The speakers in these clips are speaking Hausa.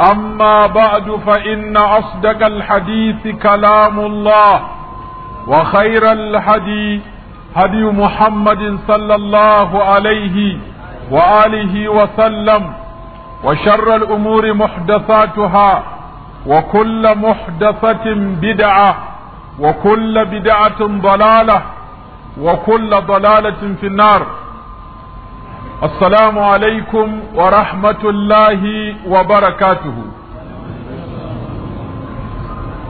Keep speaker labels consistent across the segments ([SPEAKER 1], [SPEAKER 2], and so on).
[SPEAKER 1] أما بعد فإن أصدق الحديث كلام الله
[SPEAKER 2] وخير
[SPEAKER 1] الحدي هدي محمد صلى الله عليه وآله وسلم وشر الأمور محدثاتها وكل محدثة بدعة وكل بدعة ضلالة وكل ضلالة في النار السلام عليكم ورحمة الله وبركاته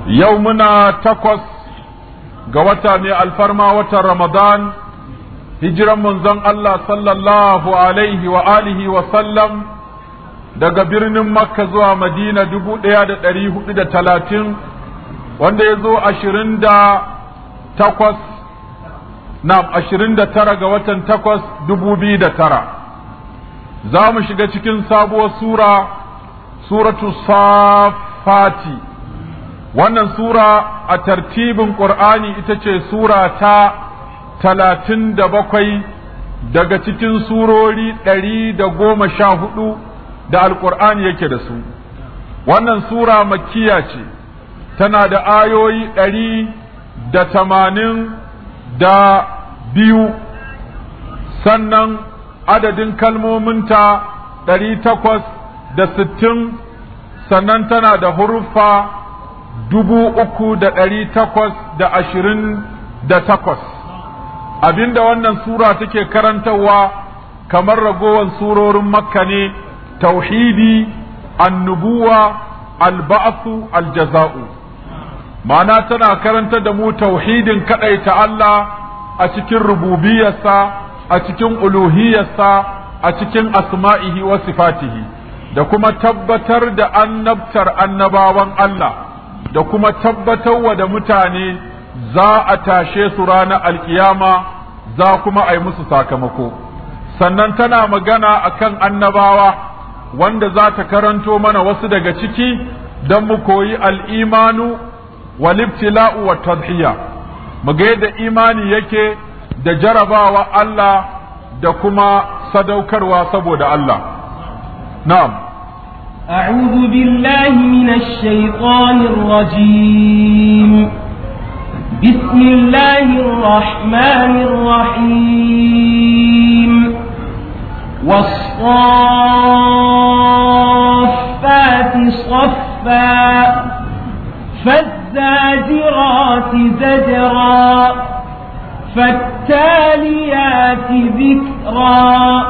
[SPEAKER 1] يومنا تقص قوتاني الفرما وتر رمضان hijiran manzon Allah sallallahu alaihi wa alihi wa sallam daga birnin Makka zuwa Madina dubu ɗaya da ɗari hudu da talatin wanda ya zo ashirin da takwas ashirin da tara ga watan takwas dubu biyu da tara za mu shiga cikin sabuwar sura suratu safati wannan sura a tartibin ƙur'ani ita ce sura ta talatin da bakwai daga cikin surori ɗari da goma sha hudu da alƙur'ani yake da su wannan sura makiya ce tana da ayoyi ɗari da tamanin da biyu sannan adadin kalmominta ɗari takwas da sittin sannan tana da huruffa dubu uku da ɗari takwas da ashirin da takwas abinda wannan sura take karantarwa kamar ragowar surorin makka ne tauhidi annubuwa alba'asu aljaza'u ma'ana tana karanta da mu tauhidin kaɗaita Allah a cikin rububiyarsa a cikin uluhiyarsa a cikin asma'ihi wa sifatihi da kuma tabbatar da annabtar annabawan Allah da kuma tabbatar wa da mutane za a tashe su ranar alkiyama za kuma a yi musu sakamako sannan tana magana a kan annabawa wanda za ta karanto mana wasu daga ciki don mu koyi al'imanu walibtila'u wa tadhiya mu ga yadda imani yake da jarabawa Allah da kuma sadaukarwa saboda Allah
[SPEAKER 3] na'am أعوذ بالله من الشيطان الرجيم بسم الله الرحمن الرحيم والصافات صفا فالزاجرات زجرا فالتاليات ذكرا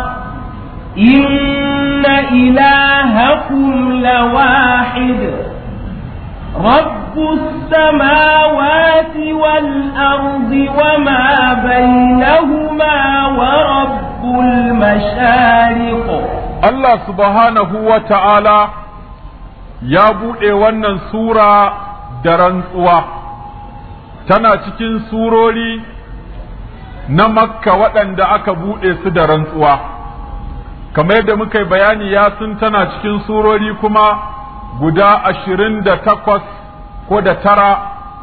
[SPEAKER 3] إن إلهكم لواحد رب السماوات والأرض وما بينهما ورب المشارق الله سبحانه وتعالى ya buɗe
[SPEAKER 1] wannan sura da rantsuwa tana cikin surori na makka waɗanda aka buɗe su da rantsuwa kamar yadda muka yi bayani ya sun tana cikin surori kuma guda ashirin da takwas ko da tara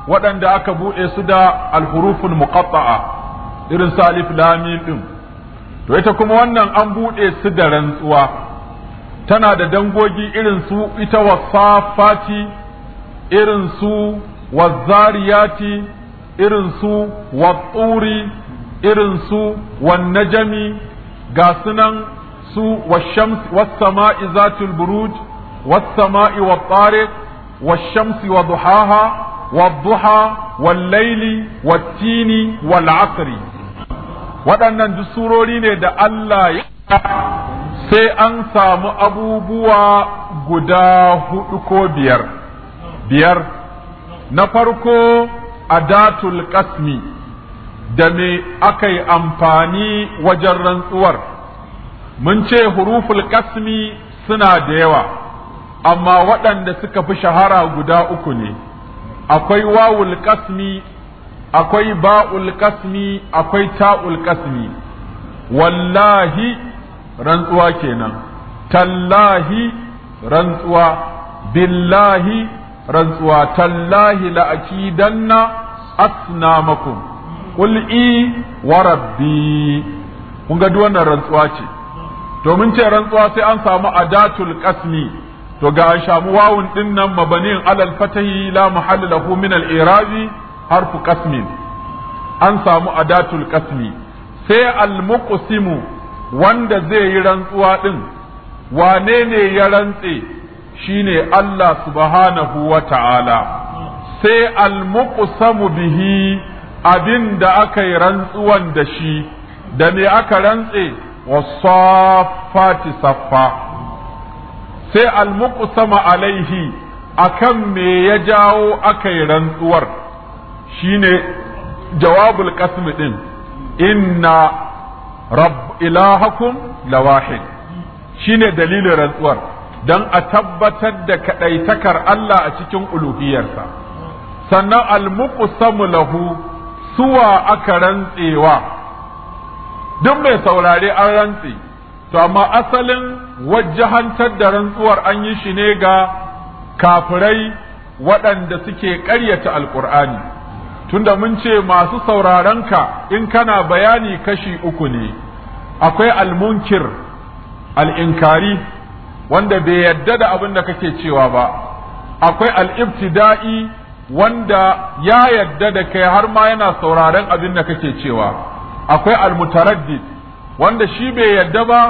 [SPEAKER 1] waɗanda aka buɗe su da alhurufin muƙaɗa'a irin su lamin ɗin to ita kuma wannan an buɗe su da rantsuwa tana da dangogi irin su ita wasafati irin su wazariyati irin su watsuri irin su wanne jami, ga sunan su washams was-sama'i zatul buruj was wa tsare, tariq wash-shamsi wa duhaha wa tini, wa والعصر waɗannan surori ne da Allah ya sai an samu abubuwa guda hudu ko biyar biyar na farko adatul qasmi da me aka yi amfani wajen rantsuwar mun ce huruful kasmi suna da yawa amma waɗanda suka fi shahara guda uku ne akwai wawul kasmi akwai ba'ul kasmi akwai ta'ul kasmi wallahi rantsuwa kenan tallahi rantsuwa billahi rantsuwa tallahi la'akidanna asnamakum kul i wa rabbi kun ga duk wannan rantsuwa ce Domin ce rantsuwa sai an samu adatul qasmi to ga samu wawun din nan mabanin alal fatahi la mahalla lahu min al irabi harfu qasmin an samu adatul qasmi sai al muqsimu wanda zai yi rantsuwa din wane ne ya rantse shine Allah subhanahu wa ta'ala sai al muqsamu bihi abin da aka yi rantsuwan da shi da me aka rantse wasaffati saffa sai sama alaihi a kan me ya jawo aka yi rantsuwar shine jawabul qasm din inna rabb ilahakum lawahid shine dalilin rantsuwar don a tabbatar da kaɗaitakar Allah a cikin uluhiyarsa sannan samu lahu suwa aka rantsewa duk mai saurare an rantse to amma asalin wajahantar da rantsuwar an yi shi ne ga kafirai waɗanda suke ƙaryata alƙur'ani tunda mun ce masu saurarenka in kana bayani kashi uku ne akwai almunkir al'inkari wanda bai yadda da abin da kake cewa ba akwai al'ibtida'i wanda ya yadda da kai har ma yana sauraren abin da kake cewa akwai almutaraddid wanda shi bai yadda ba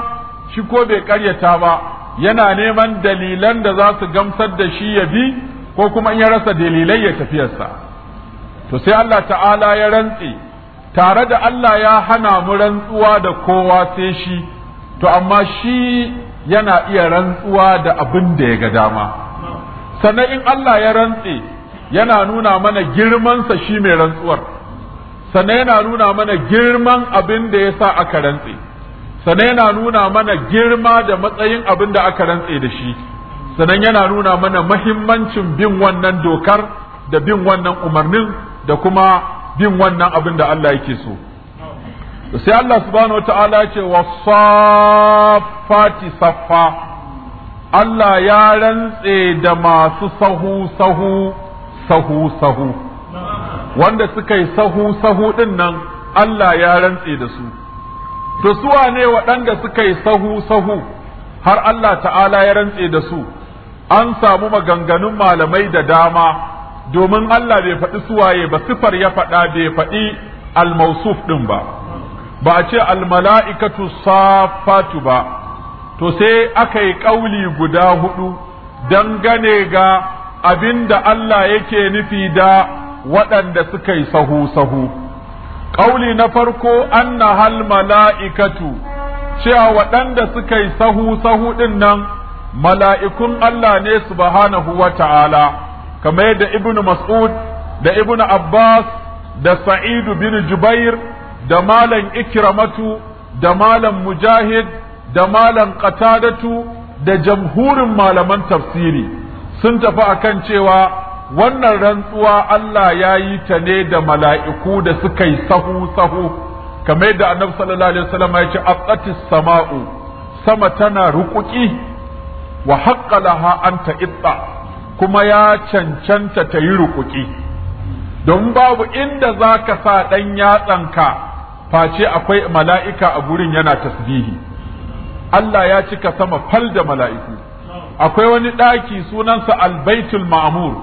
[SPEAKER 1] shi ko bai karyata ba yana neman dalilan da za su gamsar da shi ya bi ko kuma in ya rasa dalilai ya tafiyarsa to sai Allah ta'ala ya rantse tare da Allah ya hana mu rantsuwa da kowa sai shi to amma shi yana iya rantsuwa da abin da ya ga dama sannan in Allah ya rantse yana nuna mana girmansa shi mai rantsuwar sannan yana nuna mana girman abin da ya sa aka rantse sannan yana nuna mana girma da matsayin abin da aka rantse da shi sannan yana nuna mana mahimmancin bin wannan dokar da bin wannan umarnin da kuma bin wannan abin da Allah yake so sai Allah subhanahu wata'ala ce wasafati saffa Allah ya rantse da masu sahu sahu sahu sahu wanda suka yi sahu sahu din nan Allah ya rantse da su to suwa ne waɗanda suka yi sahu sahu har Allah ta'ala ya rantse da su an samu maganganun malamai da dama domin Allah bai faɗi suwaye ba sifar ya faɗa bai faɗi almausuf ɗin ba ba a ce almala'ikatu safatu ba to sai aka yi ƙauli guda hudu dangane ga abinda Allah yake nufi da waɗanda suka yi sahu-sahu. Ƙauli na farko anna hal mala'ikatu cewa waɗanda suka yi sahu-sahu ɗin nan mala'ikun Allah ne su subhanahu wa ta'ala, kamar yadda Ibn Mas'ud da Ibn Abbas da Sa'idu bin Jubair da Malam Ikramatu da Malam Mujahid da Malam Qatadatu da jamhurin malaman tafsiri. sun tafi akan cewa wannan rantsuwa Allah ya yi ta ne da mala'iku da suka yi sahu-sahu kamar da annabi sallallahu alaihi wasallam ya ce aqatis sama'u sama tana rukuki wa haqqa laha an kuma ya cancanta ta yi rukuki don babu inda zaka sa dan yatsanka face akwai mala'ika a gurin yana tasbihi Allah ya cika sama fal da mala'iku akwai wani ɗaki sunansa albaitul ma'mur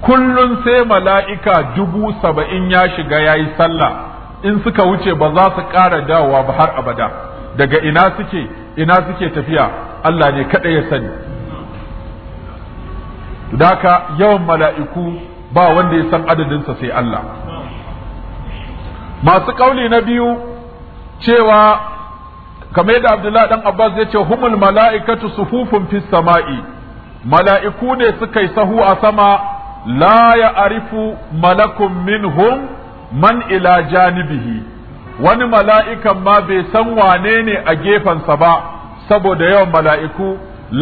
[SPEAKER 1] kullun sai mala'ika dubu saba'in ya shiga ya yi sallah in suka wuce ba za su ƙara dawowa ba har abada daga ina suke ina suke tafiya Allah ne kaɗai ya sani daka yawan mala'iku ba wanda ya san adadinsa sai Allah masu ƙauli na biyu cewa kamar yadda abdullahi dan abbas ya ce humul mala'ikatu sufufun fis sama'i mala'iku ne suka yi sahu a sama la ya arifu malakun minhum man ila janibihi wani mala'ikan ma bai san wane ne a gefensa ba saboda yawan mala'iku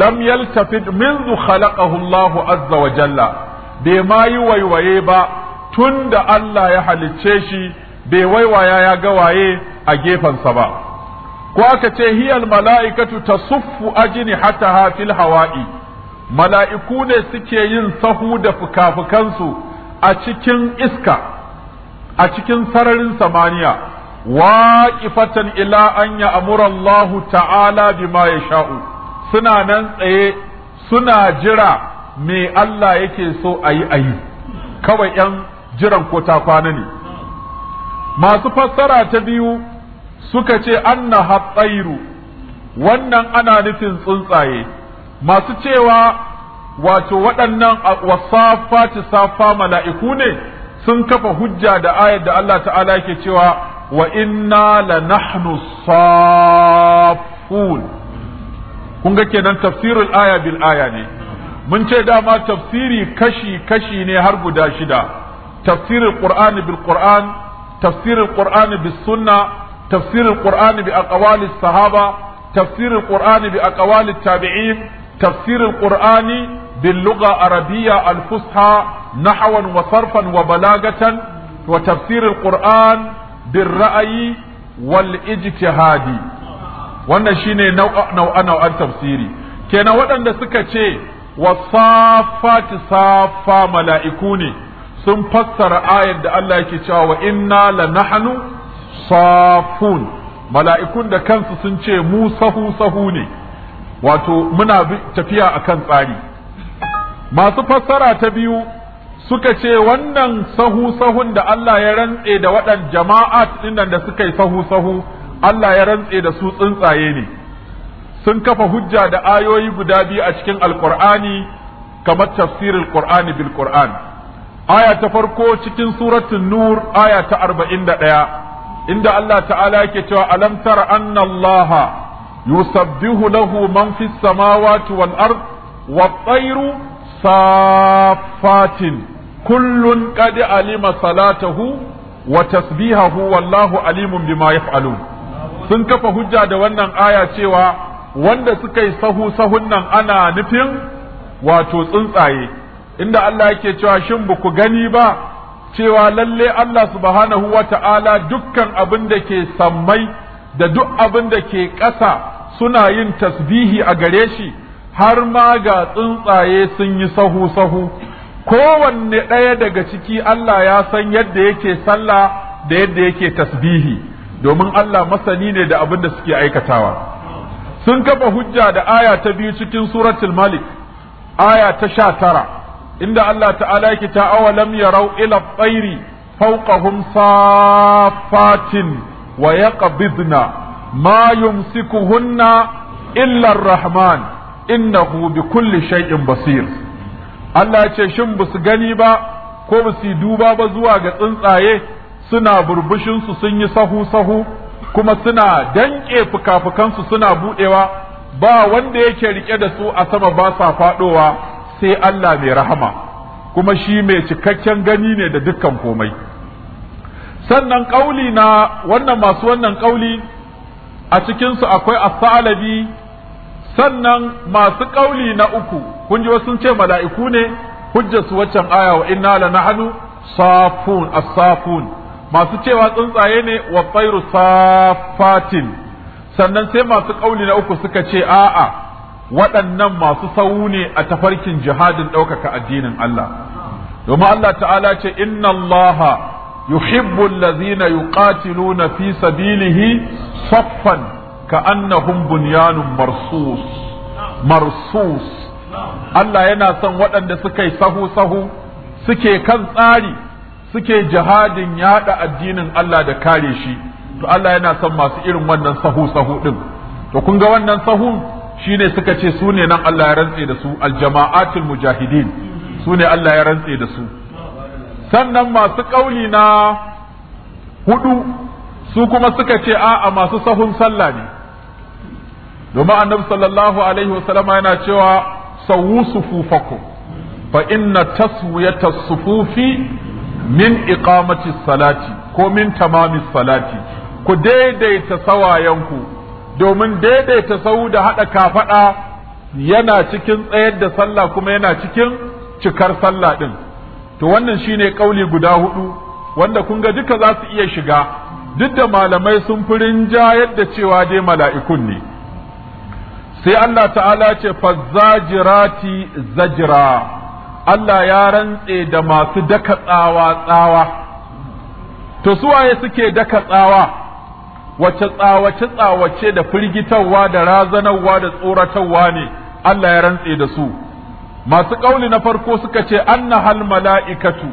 [SPEAKER 1] lam yaltafid minzu khalaqahu Allahu azza wa jalla bai ma yi waiwaye ba tun da Allah ya halicce shi bai waiwaya ya ga waye a gefensa ba ko aka ce hiyal mala'ikatu tasuffu ajini hatta fil hawa'i mala'iku ne suke yin sahu da fukafukansu a cikin iska a cikin sararin samaniya waqifatan ila an ya'mura Allahu ta'ala bima yasha'u suna nan tsaye suna jira me Allah yake so ayi ayi kawai yan jiran ko ta kwana ne masu fassara ta biyu suka ce anna hatsairu wannan ana nufin tsuntsaye masu cewa wato waɗannan wasafati safa mala'iku ne sun kafa hujja da ayar da Allah ta'ala yake cewa wa inna la nahnu safun kun ga kenan tafsirul aya bil aya ne mun ce dama tafsiri kashi kashi ne har guda shida tafsirul qur'ani bil qur'an tafsirul qur'ani bis sunna تفسير القرآن بأقوال الصحابة تفسير القرآن بأقوال التابعين تفسير القرآن باللغة العربية الفصحى نحوا وصرفا وبلاغة وتفسير القرآن بالرأي والاجتهاد wannan shine nau'a nau'an tafsiri kenan waɗanda suka ce wasafati safa mala'iku ne sun fassara ayar da Allah yake cewa wa inna la nahnu safun mala'ikun da kansu sun ce mu sahu sahu ne wato muna tafiya a kan tsari masu fassara ta biyu suka ce wannan sahu sahun da Allah ya rantse da waɗan jama'at dinnan da suka yi sahu sahu Allah ya rantse da su tsuntsaye ne sun kafa hujja da ayoyi guda biyu a cikin alqur'ani kamar tafsirul qur'ani bil qur'an aya ta farko cikin suratul nur aya ta 41 inda Allah ta'ala yake cewa alam tara anna Allah yusabbihu lahu man fis samawati wal ard wa tayru safatin kullun qad alima salatahu wa tasbihahu wallahu alimun bima yaf'alun sun kafa hujja da wannan aya cewa wanda suka yi sahu sahun nan ana nufin wato tsuntsaye inda Allah yake cewa shin ba ku gani ba cewa lalle Allah subhanahu wa ta'ala dukkan abin da ke sammai da duk abin da ke ƙasa suna yin tasbihi a gare shi har ma ga tsuntsaye sun yi sahu-sahu kowanne ɗaya daga ciki Allah ya san yadda yake sallah da yadda yake tasbihi domin Allah masani ne da abin da suke aikatawa sun kafa hujja da aya ta biyu cikin suratul malik aya ta sha tara inda Allah ta'ala yake ta awalam yarau ila tsairi fauqahum safatin wa yaqbidna ma yumsikuhunna illa arrahman rahman innahu bikulli shay'in basir Allah ce shin basu gani ba ko basu duba ba zuwa ga tsuntsaye suna burbushin su sun yi sahu sahu kuma suna danke fukafukansu suna buɗewa. ba wanda yake rike da su a sama ba sa faɗowa. sai Allah mai rahama kuma shi mai cikakken gani ne da dukkan komai sannan ƙauli na wannan masu wannan ƙauli a cikinsu akwai asalabi sannan masu ƙauli na uku kun ji wasu ce mala'iku ne hujjarsu waccan aya wa inna la nahnu safun as-safun masu cewa tsuntsaye ne wa safatin sannan sai masu ƙauli na uku suka ce a'a waɗannan masu sau ne a tafarkin jihadin ɗaukaka addinin Allah domin Allah ta'ala ce inna Allah yuhibbu allazina yuqatiluna fi sabilihi saffan ka'annahum bunyanun marsus marsus Allah yana son waɗanda suka yi sahu sahu suke kan tsari suke jihadin yaɗa addinin Allah da kare shi to Allah yana son masu irin wannan sahu sahu ɗin. to kun ga wannan sahun Shi ne suka ce su ne nan Allah ya rantse da su aljama'atul mujahidin su ne Allah ya rantse da su sannan masu kauli na hudu su kuma suka ce a'a masu sahun sallah ne domin annabi sallallahu alaihi wasallama yana cewa sawu sufufaku fa inna taswiyata sufufi min iqamati salati ko min tamami salati ku daidaita sawayenku domin daidaita sau da haɗa kafaɗa yana cikin tsayar da sallah kuma yana cikin cikar sallah ɗin to wannan shine ƙauli guda hudu wanda kun ga duka za su iya shiga duk da malamai sun fi ja da cewa dai mala'ikun ne sai Allah ta'ala ce fazzajirati zajira Allah ya rantse da masu daka tsawa tsawa to suwaye suke daka tsawa wace tsawace tsawace da firgitarwa da razanarwa da tsoratarwa ne Allah ya rantse da su masu kauli na farko suka ce anna hal mala'ikatu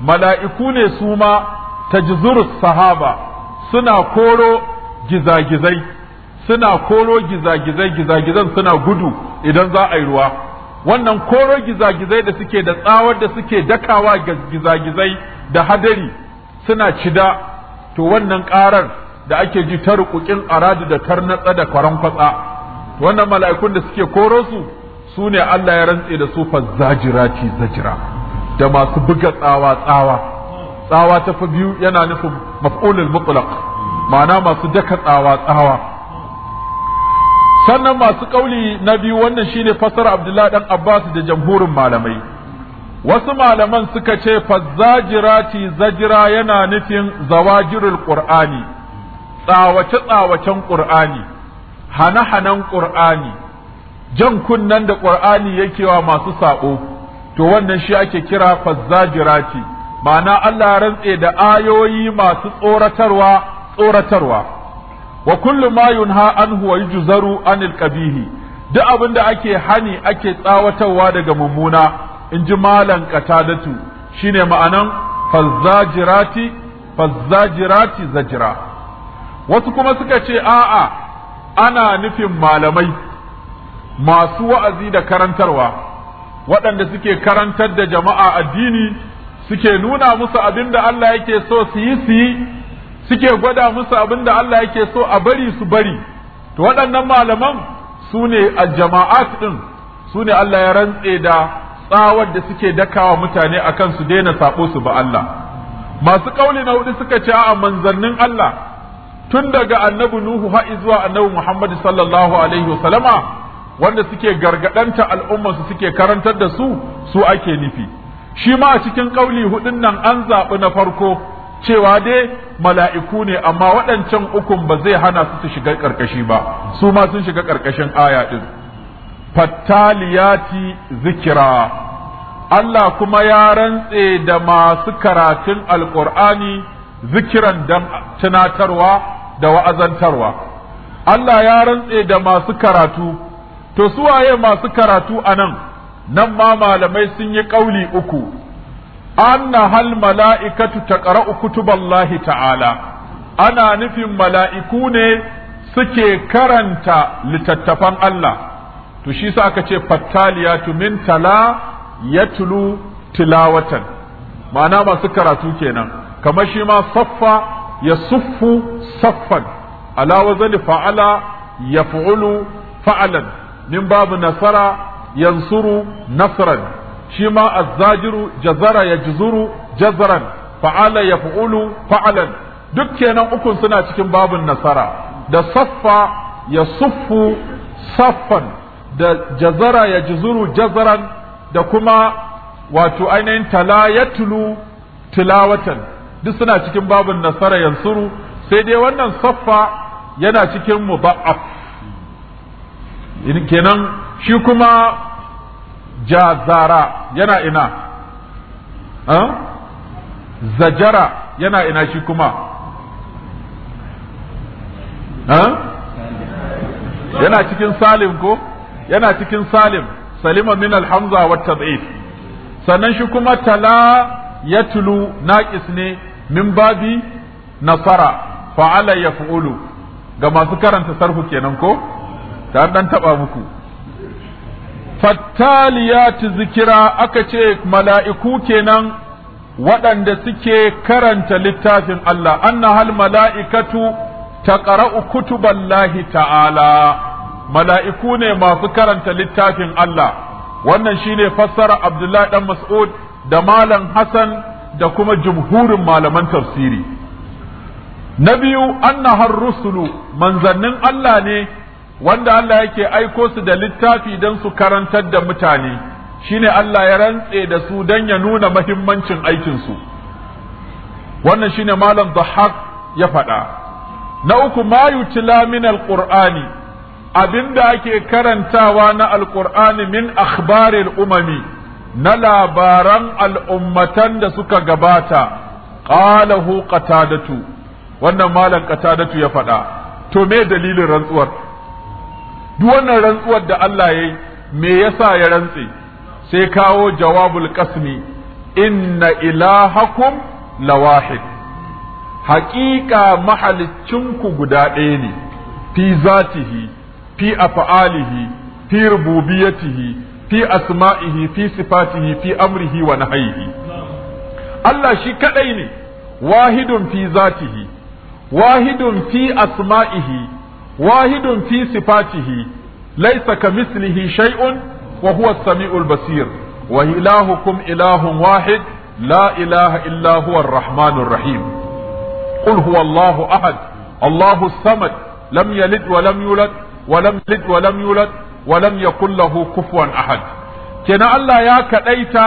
[SPEAKER 1] mala'iku ne su ma sahaba suna koro gizagizai suna koro gizagizai gizagizan suna gudu idan za a yi ruwa wannan koro gizagizai da suke da tsawar da suke dakawa gizagizai da hadari suna cida to wannan ƙarar da ake ji ta rukukin aradu da karnatsa da kwaran kwatsa wannan mala'ikun da suke koro su su ne Allah ya rantse da su fa zajira da masu buga tsawa tsawa tsawa ta fa biyu yana nufin maf'ulul mutlaq ma'ana masu daka tsawa tsawa sannan masu kauli na biyu wannan shine fasara Abdullahi dan Abbas da jamhurin malamai wasu malaman suka ce fa zajira yana nufin zawajirul qur'ani tsawace-tsawacen ƙur'ani hana-hanan ƙur'ani jan kunnen da ƙur'ani yake wa masu saɓo to wannan shi ake kira fazzajirati ma'ana Allah ya rantse da ayoyi masu tsoratarwa tsoratarwa wa kullu ma yunha anhu wa yujzaru anil qabihi duk abin da ake hani ake tsawatarwa daga mummuna in ji malan qatadatu shine ma'anan fazzajirati fazzajirati zajira wasu kuma suka ce a'a ana nufin malamai masu wa'azi da karantarwa waɗanda suke karantar da jama'a addini suke nuna musu abin da Allah yake so su yi su yi suke gwada musu abin da Allah yake so a bari su bari to waɗannan malaman su ne a jama'at ɗin su ne Allah ya rantse da tsawar da suke dakawa mutane a kan su daina saɓo su ba Allah masu ƙauli na hudu suka ce a manzannin Allah tun daga annabi nuhu har zuwa annabi muhammad sallallahu alaihi wasallama wanda suke gargadanta al'ummarsu suke karantar da su su ake nufi shi ma a cikin kauli hudun nan an zaɓi na farko cewa dai mala'iku ne amma waɗancan ukun ba zai hana su su shiga ƙarƙashi ba su ma sun shiga ƙarƙashin aya ɗin fattaliyati zikira Allah kuma ya rantse da masu karatun alƙur'ani zikiran dan tunatarwa da wa'azantarwa Allah ya rantse da masu karatu to su waye masu karatu a nan nan ma malamai sun yi ƙauli uku anna hal mala'ikatu ta taqra'u lahi ta'ala ana nufin mala'iku ne suke karanta littattafan Allah to shi sa aka ce fattaliyatu min tala tulu tilawatan ma'ana masu karatu kenan kamar shi ma saffa yasuffu saffan ala wazani fa'ala ya yaf'ulu fa'alan min babu nasara yansuru nasran shima ma azzajiru jazara yajzuru jazran fa'ala yaf'ulu fa'alan duk kenan ukun suna cikin babun nasara da saffa ya yasuffu saffan da jazara yajzuru jazran da kuma wato ainihin tala tilawatan duk suna cikin babin nasara yansuru sai dai wannan saffa yana cikin mudha'af kenan shi kuma jazara yana ina zajara yana ina shi kuma yana cikin salim ko yana cikin salim salima min alhamza wa tad'if sannan shi kuma tala yatlu naqis ne min babi nasara fa'ala yaf'ulu ga masu karanta sarhu kenan ko ta dan taba muku fattaliyati zikira aka ce mala'iku kenan waɗanda suke karanta littafin Allah anna hal mala'ikatu ta ƙara'u kutuballahi ta'ala mala'iku ne masu karanta littafin Allah wannan shine fassara Abdullahi Dan Mas'ud da Malam Hassan da kuma jumhurin malaman tafsiri na biyu annahar rusulu manzannin Allah ne wanda Allah yake aiko su da littafi don su karantar da mutane shine Allah ya rantse da su don ya nuna mahimmancin aikinsu wannan shine malam dhahak ya faɗa na uku ma yutila min alqur'ani abinda ake karantawa na alqur'ani min akhbaril umami na labaran al'ummatan da suka gabata qalahu qatadatu wannan malam qatadatu ya faɗa to me dalilin rantsuwar duk wannan rantsuwar da Allah yayi me yasa ya rantse sai kawo jawabul qasmi inna ilahakum lawahid haƙiƙa ku guda ɗaya ne fi zatihi fi af'alihi fi rububiyatihi fi asma'ihi fi sifatihi fi amrihi wa nahyihi Allah shi kadai ne wahidun fi zatihi wahidun fi asma'ihi wahidun fi sifatihi laysa kamithlihi shay'un wa huwa as-sami'ul basir wa ilahukum ilahun wahid la ilaha illa huwa ar-rahmanur rahim qul huwa Allahu ahad Allahu samad lam yalid wa lam yulad wa lam yalid wa lam yulad wa lam yakul lahu kufuwan ahad kenan Allah ya kaɗaita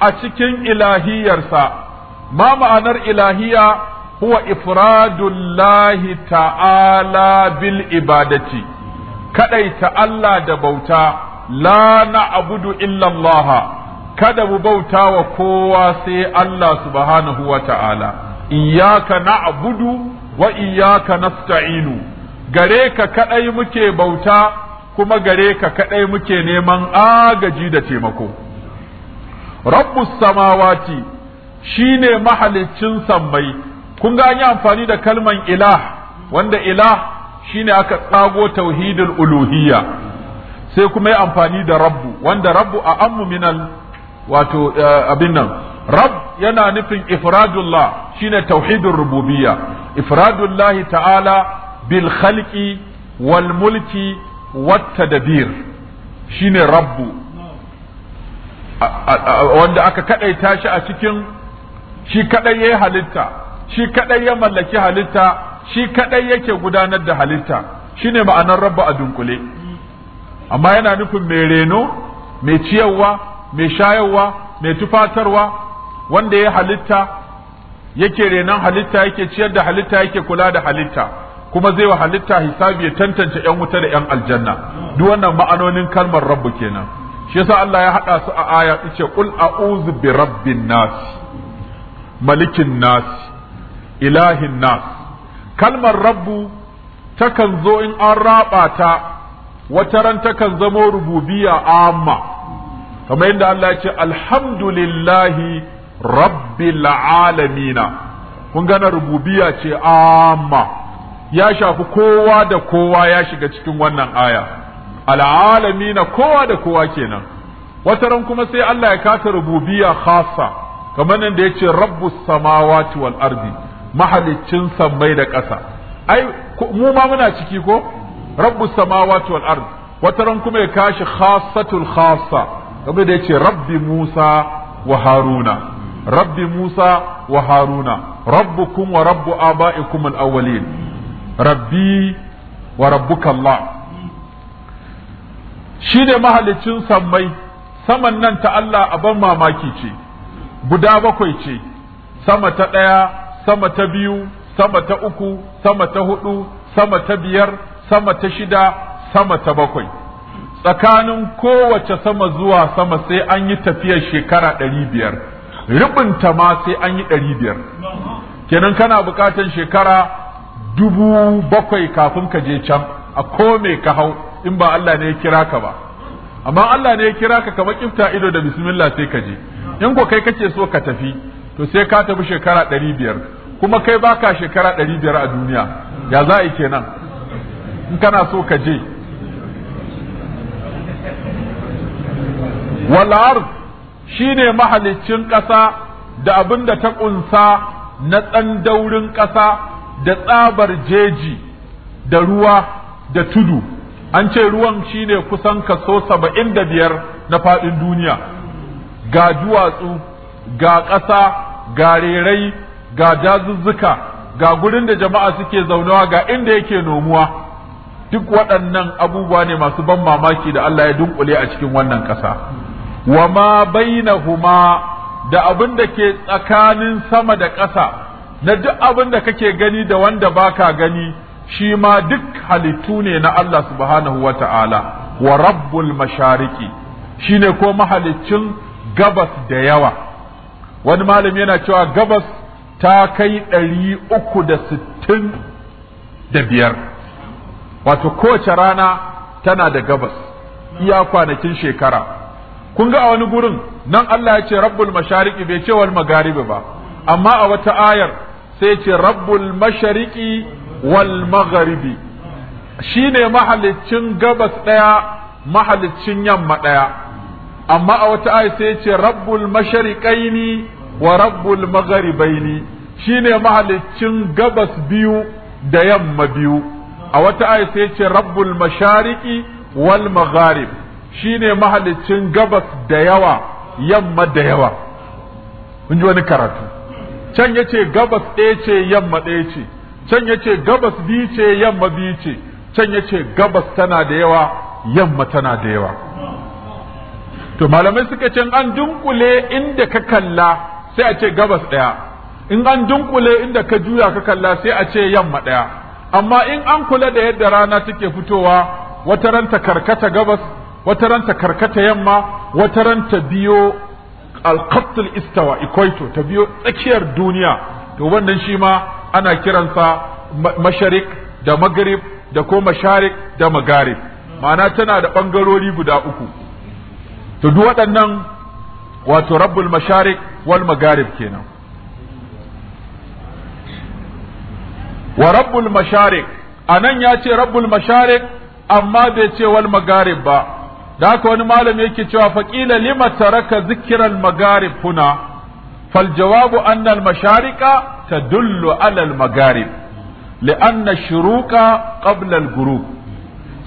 [SPEAKER 1] a cikin ilahiyarsa ma ma'anar ilahiya huwa ifradullahi ta'ala bil ibadati kadaita Allah da bauta la na'budu illa Allah kada mu bauta wa kowa sai Allah subhanahu wa ta'ala iyyaka na'budu wa iyyaka nasta'inu gare ka kadai muke bauta kuma gare ka kaɗai muke neman agaji da taimako rabbus samawati shine mahaliccin sammai kun Kunga anyi amfani da kalman ilah wanda ilah shine aka tsago tauhidul uluhiyya sai kuma yi amfani da rabbu wanda rabbu a ammu minal wato eh, abin nan rab yana nufin ifradullah shine tauhidin rububiyya ifradullahi ta'ala bil khalqi wal mulki wata dabir shine rabbu wanda aka kadaita shi a cikin shi kadai yayi halitta shi kadai ya mallaki halitta shi kadai yake gudanar da halitta shine ma'anar rabbu a dunkule amma yana nufin mai reno mai ciyarwa mai shayarwa mai tufatarwa wanda ya halitta yake renon halitta yake ciyar da halitta yake kula da halitta kuma zai wa halitta hisabi ya tantance yan wuta da yan aljanna duk wannan ma'anonin kalmar rabbu kenan shi yasa Allah ya hada su a aya yace qul a'udhu bi rabbin nas malikin nas ilahin nas kalmar rabbu takan zo in an raba ta wata ran takan zamo rububiya amma kamar yadda Allah ya ce alhamdulillahi rabbil alamina kun gana rububiya ce amma ya shafi kowa da kowa ya shiga cikin wannan aya na kowa da kowa kenan wataran kuma sai Allah ya kata rububiyya khassa kamar nan da yace rabbus samawati wal ardi mahaliccin sammai da ƙasa ai mu ma muna ciki ko rabbus samawati wal ardi wataran kuma ya kashi khassatul khassa kamar da yace rabbi musa wa haruna rabbi musa wa haruna rabbukum wa rabbu aba'ikum al-awwalin rabbi wa rabbukallah shi ne mahalicin sammai saman nan ta Allah a ban mamaki ce guda bakwai ce sama ta ɗaya sama ta biyu sama ta uku sama ta hudu sama ta biyar sama ta shida sama ta bakwai tsakanin kowace sama zuwa sama sai an yi tafiyar shekara ɗari biyar ribinta ma sai an yi ɗari biyar kenan kana bukatan shekara dubu bakwai kafin ka je can a kome ka hau in ba Allah ne ya kira ka ba amma Allah ne ya kira ka kamar kifta ido da bismillah sai ka je in ko kai kake so ka tafi to sai ka tafi shekara ɗari biyar kuma kai baka shekara ɗari biyar a duniya ya za a yi kenan in kana so ka je wal'ar shi ne mahalicin ƙasa da abin da ta ƙunsa na tsandaurin ƙasa da tsabar jeji da ruwa da tudu an ce ruwan shine kusan kaso saba'in da biyar na faɗin duniya ga duwatsu ga ƙasa ga rerai ga dazuzzuka ga gurin da jama'a suke zaunawa ga inda yake nomuwa duk waɗannan abubuwa ne masu ban mamaki da Allah ya dunkule a cikin wannan ƙasa wa ma bainahuma da abin da ke tsakanin sama da ƙasa na duk abin da kake gani da wanda baka gani shi ma duk halittu ne na Allah subhanahu wa ta'ala wa rabbul mashariki shi ko mahaliccin gabas da yawa wani malami yana cewa gabas ta kai ɗari uku da sittin da biyar wato kowace rana tana da gabas iya kwanakin shekara kun ga a wani gurin nan Allah ya ce rabbul mashariki bai ce wal magaribi ba amma a wata ayar sai ce rabbul mashariki wal magharibi shine mahalicin gabas ɗaya mahalicin yamma ɗaya amma a wata ayi sai ce rabbul masharikaini wa rabbul magharibaini shine mahalicin gabas biyu da yamma biyu a wata ayi sai ce rabbul mashariki wal magharib shine mahalicin gabas da yawa yamma da yawa mun ji wani karatu can ya ce gabas ɗaya ce yamma ɗaya ce can ya ce gabas biyu ce yamma biyu ce can ya ce gabas tana da yawa yamma tana da yawa to malamai suka ce an dunkule inda ka kalla sai a ce gabas ɗaya in an dunkule inda ka juya ka kalla sai a ce yamma ɗaya amma in an kula da yadda rana take fitowa wata ranta karkata gabas wata ranta karkata yamma wata ranta biyo alkaftul istawa ikwaito ta biyo tsakiyar duniya to wannan shi ma ana kiransa masharik da magarib da ko masharik da magarib ma'ana tana da ɓangarori guda uku to duk waɗannan wato rabbul masharik wal magarib kenan wa rabbul masharik anan ya ce rabbul masharik amma bai ce wal magarib ba da haka wani malami yake cewa faƙila lima taraka zikiran magarib huna fal jawabu anna al mashariqa tadullu ala al magarib li'anna shuruqa qabla al ghurub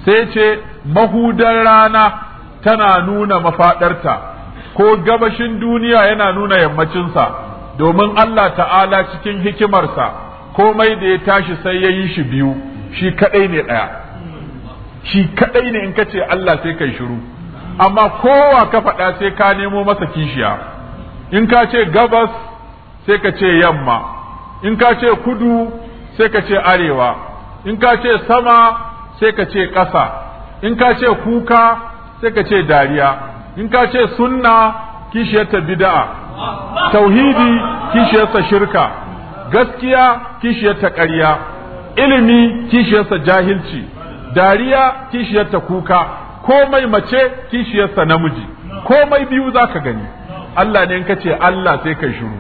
[SPEAKER 1] sai ce mahudar rana tana nuna mafadarta ko gabashin duniya yana nuna yammacinsa domin Allah ta'ala cikin hikimarsa komai da ya tashi sai ya yi shi biyu shi kadai ne daya shi kadai ne in kace Allah sai kai shiru amma kowa ka faɗa sai ka nemo masa kishiya in ka ce gabas sai ka ce yamma in ka ce kudu sai ka ce arewa in ka ce sama sai ka ce ƙasa in ka ce kuka sai ka ce dariya in ka ce sunna kishiyarta bid'a tauhidi kishiyarsa shirka gaskiya kishiyarta ƙarya ilimi kishiyarsa jahilci dariya kishiyarta kuka komai mace kishiyarsa namiji komai biyu za ka gani Allah ne in ka ce Allah sai kai shiru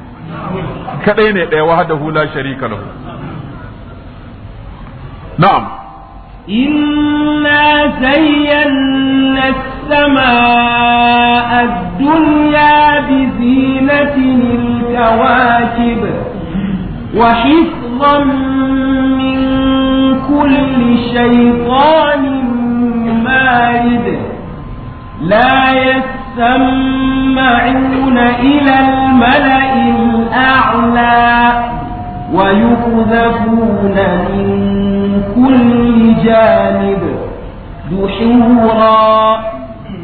[SPEAKER 1] kadai ne ɗaya wahdahu hula sharika lahu na'am
[SPEAKER 3] inna زينا السماء الدنيا بزينة الكواكب وحفظا من كل شيطان مارد لا يسمعون إلى الملأ الأعلى ويقذفون من كل جانب دحورا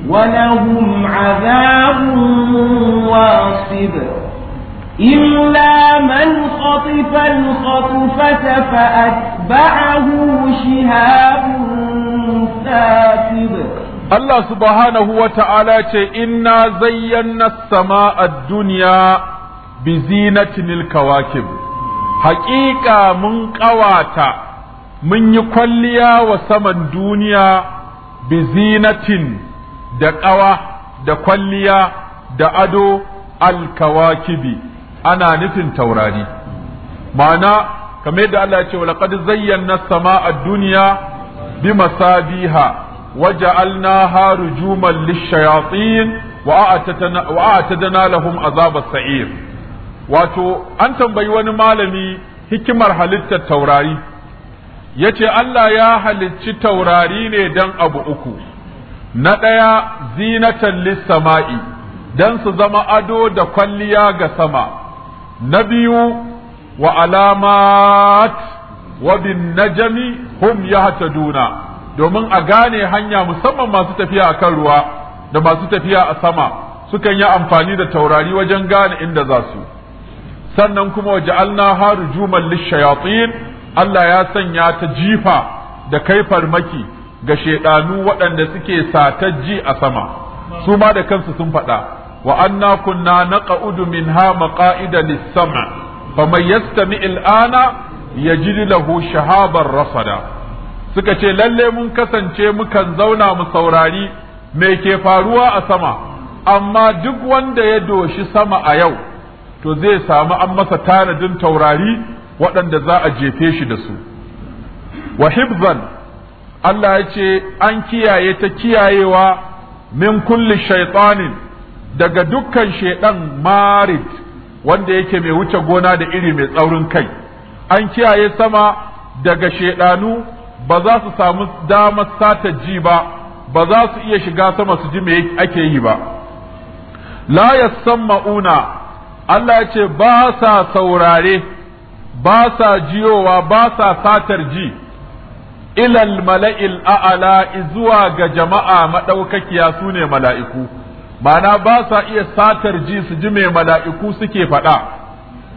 [SPEAKER 3] ولهم عذاب واصب إلا من خطف الخطفة فأتى فأتبعه شهاب ثاقب
[SPEAKER 1] Allah subhanahu wa ta'ala ce, Inna zayyana sama a duniya bi zinatinil kawakib, haƙiƙa mun ƙawata, mun yi kwalliya wa saman duniya bi zinatin da ƙawa da kwalliya da ado alkawakibi, ana nufin taurari. Ma'ana kamar yadda Allah ya ce wa laqad zayyana samaa ad-dunya bi masabiha wa lish-shayatin wa a'tadna lahum azab as-sa'ir wato an tambayi wani malami hikimar halittar taurari yace Allah ya halicci taurari ne dan abu uku na ɗaya zinatan lissama'i, samai dan su zama ado da kwalliya ga sama na biyu wa alamat wa bin najmi hum yahtaduna domin a gane hanya musamman masu tafiya a kan ruwa da masu tafiya a sama sukan yi amfani da taurari wajen gane inda za su sannan kuma wa ja'alna harujuman lishayatin Allah ya sanya ta jifa da kai farmaki ga shedanu waɗanda suke satajji a sama su ma da kansu sun faɗa wa anna kunna naqa'udu minha maqa'ida lis-sam' فمن yastami al'ana يجد lahu شهابا rasada suka ce lalle mun kasance mukan zauna mu saurari me ke faruwa a sama amma duk wanda ya doshi sama a yau to zai samu an masa tanadin taurari waɗanda za a jefe shi da su wa hibzan Allah ya ce an kiyaye ta kiyayewa min kulli shaitanin daga dukkan shaidan marid wanda yake mai wuce gona da iri mai tsaurin kai an kiyaye sama daga shedanu ba za su samu damar sata ji ba ba za su iya shiga sama su ji me ake yi ba la yasma'una Allah ya ce ba sa saurare ba sa jiyowa ba sa satar ji ilal mala'il a'ala zuwa ga jama'a maɗaukakiya su ne mala'iku ma'ana ba sa iya satar ji su ji mai mala'iku suke faɗa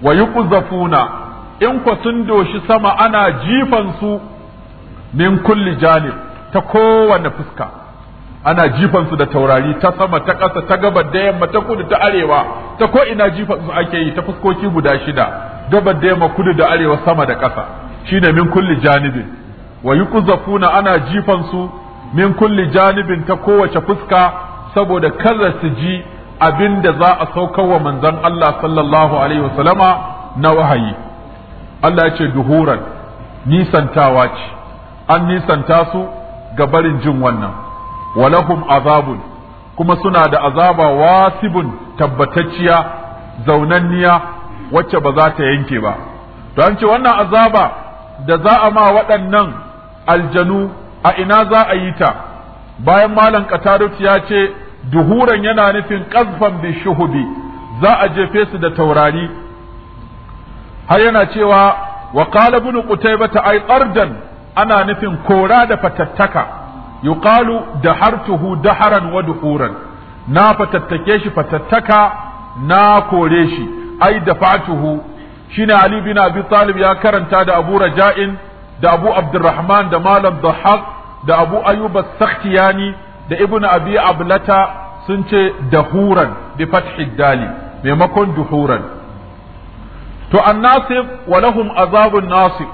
[SPEAKER 1] wa yuqzafuna in ku sun doshi sama ana jifan su min kulli janib ta kowane fuska ana jifan su da taurari ta sama ta ƙasa ta gabar da yamma ta kudu ta arewa ta ko ina jifan su ake yi ta fuskoki guda shida gabar da yamma kudu da arewa sama da ƙasa shine min kulli janibin wa yuqzafuna ana jifan su min kulli janibin ta kowace fuska saboda kada su ji abin da za a saukar wa manzon Allah sallallahu alaihi wasallama na wahayi Allah ya ce duhuran nisantawa ce an nisanta su ga barin jin wannan walahum azabun kuma suna da azaba wasibun tabbatacciya zaunanniya wacce ba za ta yanke ba to an ce wannan azaba da za a ma waɗannan aljanu a ina za a yi ta bayan malam katarut ya ce duhuran yana nufin ƙazfan bi za a jefe su da taurari har yana cewa wa qala ibn qutaybah ay qardan ana nufin kora da fatattaka yuqalu dahartuhu daharan wa duhuran na fatattake shi fatattaka na kore shi ai dafa'tuhu shine ali bin abi talib ya karanta da abu raja'in da abu abdurrahman da malam dhahab da abu ayyub as-sakhtiyani da ibn abi ablata sun ce dahuran bi fathi dali maimakon duhuran to annasib walahum lahum azabun nasib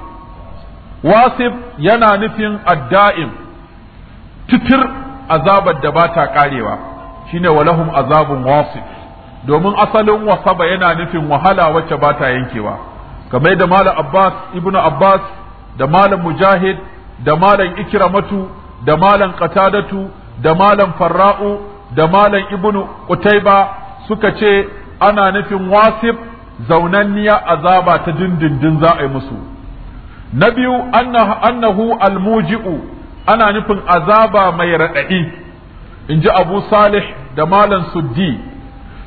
[SPEAKER 1] wasib yana nufin adda'im titir azabar da ba ta karewa shine wa lahum azabun wasib domin asalin wasaba yana nufin wahala wacce ba ta yankewa kamar da malam abbas ibnu abbas da malam mujahid da malam ikramatu da malam qatadatu da malam farra'u da malam ibnu qutayba suka ce ana nufin wasif zaunanniya azaba ta dindindin za a yi musu na biyu annahu almuji'u ana nufin azaba mai raɗaɗi in ji abu salih da malam suddi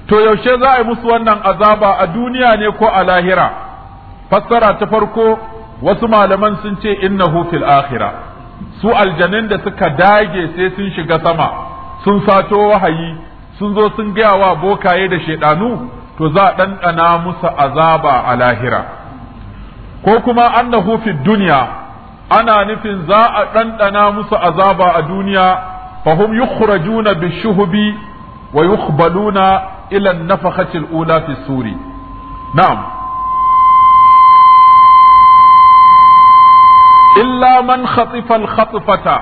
[SPEAKER 1] to yaushe za a yi musu wannan azaba a duniya ne ko a lahira fassara ta farko wasu malaman sun ce innahu fil akhirah su aljanin da suka dage sai sun shiga sama sun sato wahayi sun zo sun gaya wa bokaye da shaidanu to za a ɗanɗana musu azaba a lahira ko kuma annahu fi duniya ana nufin za a ɗanɗana musu azaba a duniya fahum yukhrajuna bishuhubi wa yukhbaluna ila an-nafakhati al-ula fi suri na'am illa man khatifa al-khatfata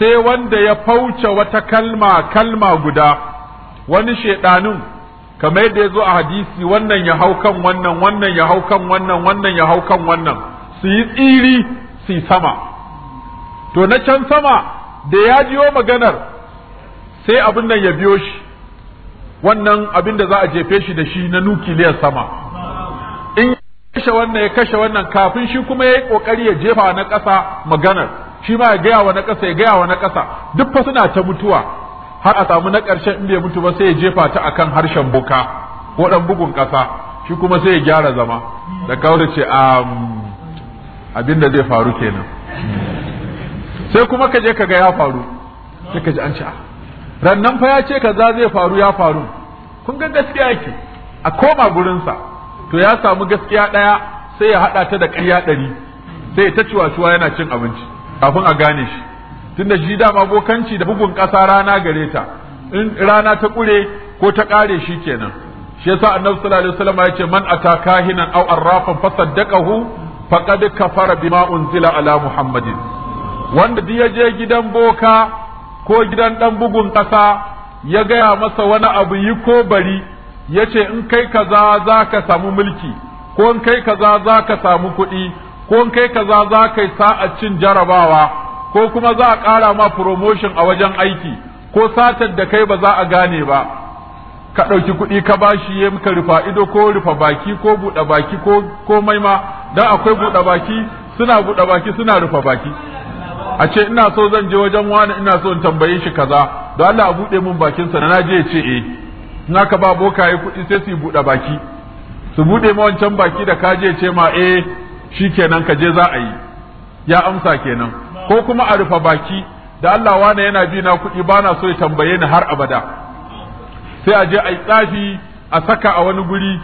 [SPEAKER 1] sai wanda ya fauce wata kalma kalma guda wani shedanin kamar yadda ya zo a hadisi wannan ya hau kan wannan wannan ya hau kan wannan wannan ya hau kan wannan su yi tsiri su yi sama to na can sama da ya jiyo maganar sai abin nan ya biyo shi wannan abin da za a jefe shi da shi na nukiliyar sama in kashe wannan ya kashe wannan kafin shi kuma ya yi ƙoƙari ya jefa na ƙasa maganar shi ma ya gaya wa na ƙasa ya gaya wa na ƙasa duk fa suna ta mutuwa har a samu na ƙarshen in bai mutu ba sai ya jefa ta akan harshen buka ko ɗan bugun ƙasa shi kuma sai ya gyara zama da kaura ce abin da zai faru kenan sai kuma ka je ka ga ya faru sai ka ji an ce ah, rannan fa ya ce kaza zai faru ya faru kun ga gaskiya yake a koma gurinsa to ya samu gaskiya ɗaya sai ya haɗa ta da ƙarya ɗari sai ta ciwa yana cin abinci kafin a gane shi tunda shi dama bokanci da bugun ƙasa rana gare ta in rana ta ƙure ko ta ƙare shi kenan shi yasa annabi sallallahu alaihi wasallam ya ce man ata kahinan aw arrafan fasaddaqahu faqad kafara bima unzila ala muhammadin wanda duk ya je gidan boka ko gidan dan bugun ƙasa ya gaya masa wani abu yi ko bari yace in kai kaza zaka samu mulki ko in kai kaza zaka samu kuɗi ko in kai kaza za yi sa'a cin jarabawa ko kuma za a ƙara ma promotion a wajen aiki ko satar da kai ba za a gane ba ka ɗauki kuɗi ka bashi ya muka rufa ido ko rufa baki ko buɗe baki ko komai ma dan akwai buɗe baki suna buɗe baki suna rufa baki a ce ina so zan je wajen wani ina so in tambaye shi kaza don Allah a buɗe min bakinsa na je ce eh in aka ba bokaye kuɗi sai su buɗe baki su buɗe ma wancan baki da ka je ce ma eh shi kenan ka je za a yi ya amsa kenan ko kuma a rufe baki da Allah wane yana bi na kuɗi ba na so ya tambaye ni har abada sai a je a yi tsafi a saka a wani guri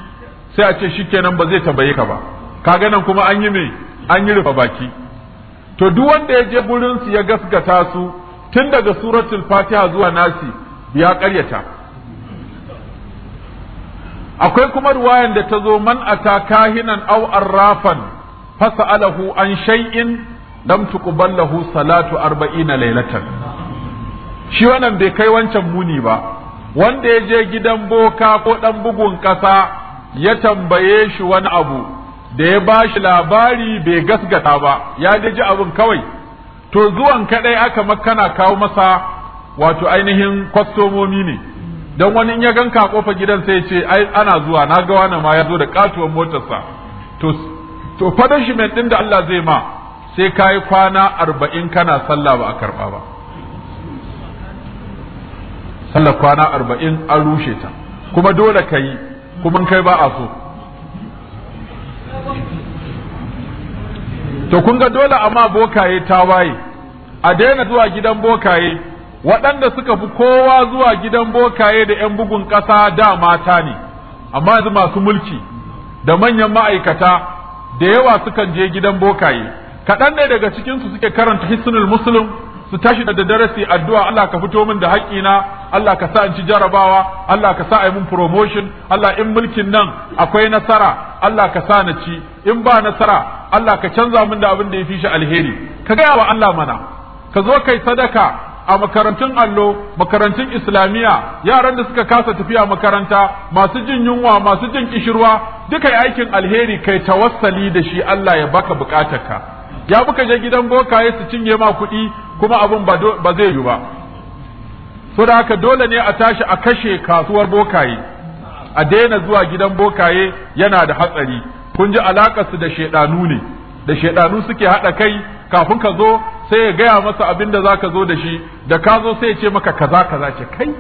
[SPEAKER 1] sai a ce shi kenan ba zai tambaye ka ba kaga nan kuma an yi me an yi rufe baki to duk wanda ya je gurinsu ya gasgata su tun daga suratul fatiha zuwa nasi ya ƙaryata akwai kuma ruwayan da ta zo man ata kahinan aw arrafan alahu an shay'in lam tuqballahu salatu 40 laylatan shi wannan bai kai wancan muni ba wanda ya je gidan boka ko dan bugun kasa ya tambaye shi wani abu da ya ba shi labari bai gasgata ba ya ji abin kawai to zuwan kadai aka makana kawo masa wato ainihin kwastomomi ne don wani in ya ganka a kofar gidan sai ce ai ana zuwa na ga wani ma ya zo da katuwar motarsa to to punishment din da Allah zai ma sai kai kwana arba'in kana sallah ba a karba ba sallar kwana arba'in an rushe ta kuma dole ka yi kuma kai ba a so to kun ga dole amma bokaye tawaye a daina zuwa gidan bokaye waɗanda suka fi kowa zuwa gidan bokaye da 'yan bugun ƙasa da mata ne amma yanzu masu mulki da manyan ma'aikata da yawa sukan je gidan bokaye kaɗan ne daga cikinsu suke karanta hisnul muslim su tashi da darasi addu'a Allah ka fito min da haƙƙina Allah ka sa in ci jarabawa Allah ka sa a yi min promotion Allah in mulkin nan akwai nasara Allah ka sa na ci in ba nasara Allah ka canza min da abin da ya fi shi alheri ka gaya wa Allah mana ka zo kai sadaka a makarantun allo makarantun islamiyya yaran da suka kasa tafiya makaranta masu jin yunwa masu jin kishirwa duka aikin alheri kai tawassali da shi Allah ya baka bukatarka ya buka je gidan bokaye su cinye ma kuɗi kuma abin ba zai yi ba so da haka dole ne a tashi a kashe kasuwar bokaye a daina zuwa gidan bokaye yana da hatsari kun ji alaƙarsu da shaidanu ne da shaidanu suke haɗa kai kafin ka zo sai ya gaya masa abin da za ka zo da shi da ka zo sai ya ce maka kaza kaza ce kai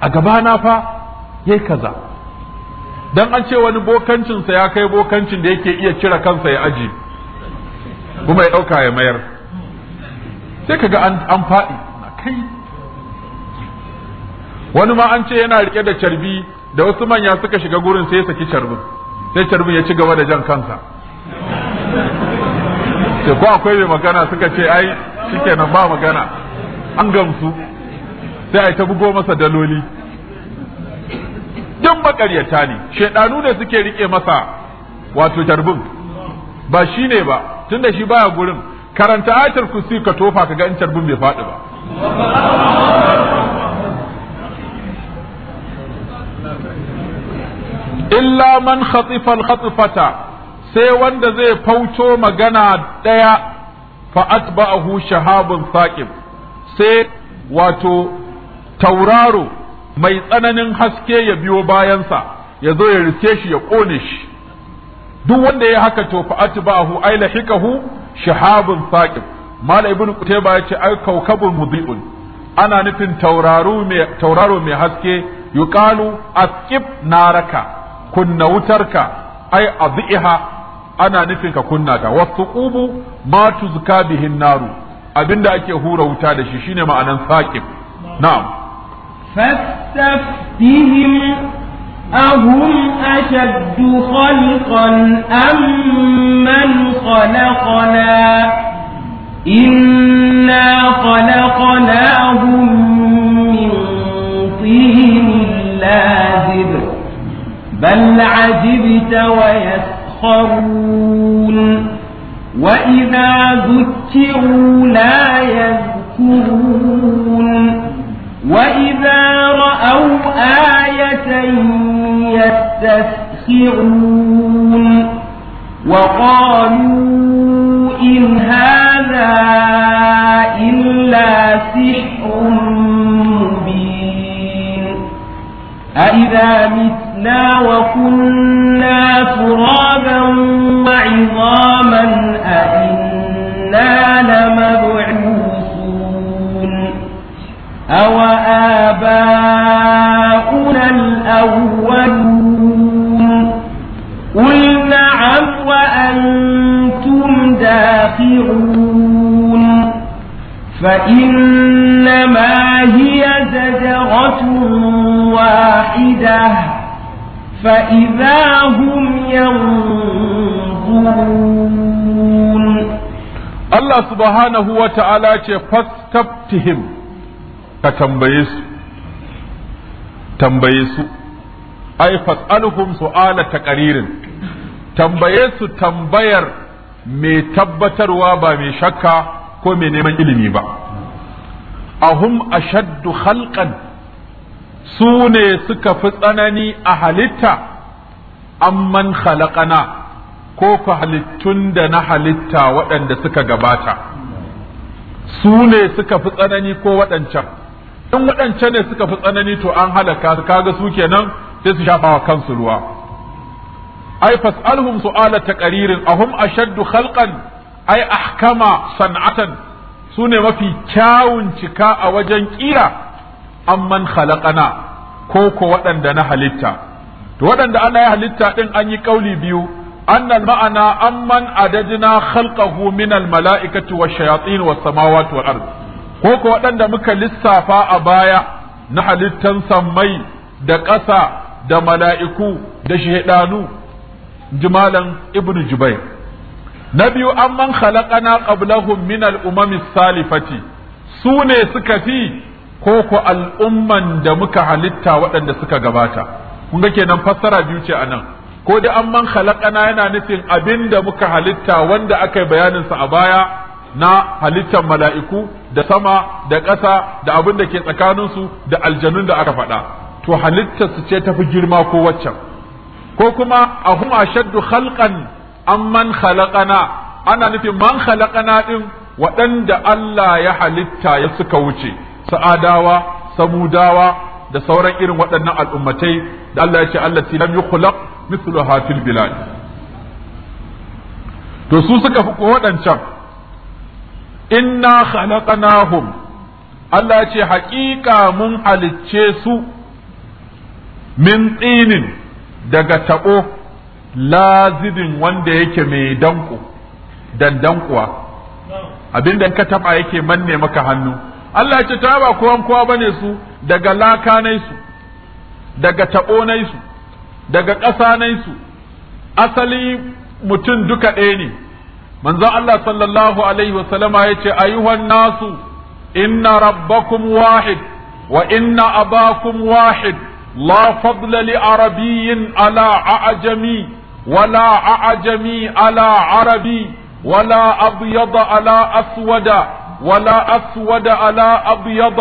[SPEAKER 1] a gaba na fa yayi kaza dan an ce wani bokancin sa ya kai bokancin da yake iya cire kansa ya aji kuma ya dauka ya mayar sai kaga an an faɗi kai wani ma an ce yana rike da carbi da wasu manya suka shiga gurin sai ya saki carbin sai carbin ya ci gaba da jan kansa ce ko akwai mai magana suka ce ai kenan ba magana an gamsu sai ai ta bugo masa daloli duk makaryata ne shaidanu ne suke rike masa wato jarbin ba shi ne ba tunda shi baya gurin karanta ayatul kursi ka tofa kaga in jarbin bai faɗi ba
[SPEAKER 4] illa man khatifa
[SPEAKER 1] al-khatfata sai wanda zai fauto magana ɗaya fa'atba'ahu shahabun saƙib sai wato tauraro mai tsananin haske ya biyo bayansa ya zo ya rike shi ya ƙone shi duk wanda ya haka to fa'atba'ahu ai lahikahu shahabun saƙib mala ibn kutaiba ya ce ai kaukabun mubi'un ana nufin tauraro mai tauraro mai haske yuqalu asqib naraka kunna wutarka ai adhiha ana nufin ka kunna ta wasu wasuqubu ma tuzka bihin naru abinda ake hura wuta da shi shine ma'anan saqib na'am
[SPEAKER 3] fastaftihim أهم أشد خلقا أم من خلقنا إنا خلقناهم من طين لازب بل عجبت ويسر يسخرون وإذا ذكروا لا يذكرون وإذا رأوا آية يستسخرون وقالوا إن هذا فإنما هي زجرة واحدة فإذا هم ينظرون Allah
[SPEAKER 1] subhanahu wa ta'ala ce, Fastaftihim, ka tambaye su, tambaye su, ai, fas'aluhum su'ala ta ƙaririn, tambaye su tambayar mai tabbatarwa ba mai shakka ko mai neman ilimi ba. ahum ashaddu khalqan su ne suka fi tsanani a halitta amman khalaqana ko ku halittun da na halitta waɗanda suka gabata su ne suka fi tsanani ko waɗancan in waɗancan ne suka fi tsanani to an halaka kaga su kenan sai su shafa wa kansu ruwa ai fas'alhum su'ala taqririn ahum ashaddu khalqan ai ahkama san'atan su ne mafi kyawun cika a wajen ƙira amman khalaqana ko ko waɗanda na halitta to waɗanda ana yi halitta ɗin an yi ƙauli biyu annal ma'ana amman adadina khalqahu min al mala'ikati wa shayatin wa samawati wal ard ko ko waɗanda muka lissafa a baya na halittan sammai da ƙasa da mala'iku da ji jimalan ibnu jubair na biyu amman khalaqana qablahum min al-umami salifati su ne suka fi ko ku al'umman da muka halitta waɗanda suka gabata kun ga kenan fassara biyu ce anan ko da amman khalaqana yana nufin abin da muka halitta wanda aka yi bayanin sa a baya na halittar mala'iku da sama da ƙasa da abin da ke tsakaninsu da aljanun da aka faɗa to su ce tafi girma ko waccan ko kuma ahum shaddu khalqan amman khalaqana ana nufin man khalaqana din waɗanda Allah ya halitta ya suka wuce sa'adawa samudawa da sauran irin waɗannan al'ummatai da Allah ya ce Allah ti lam yukhlaq mithluha fil bilad to su suka fi waɗancan inna khalaqnahum Allah ya ce haƙiƙa mun halicce su min tsinin daga taɓo lazibin wanda yake mai danko dandankuwa abinda ka taba yake manne maka hannu Allah ce ta ba kowan kowa bane su daga lakanai su daga taɓonai su daga ƙasa su asali mutum duka ɗaya ne manzo Allah sallallahu alaihi wasallama ya ce ayuhan nasu inna rabbakum wahid wa inna abakum wahid la fadla li arabiyyin ala a'jami ولا أعجمي على عربي ولا أبيض على أسود ولا أسود على أبيض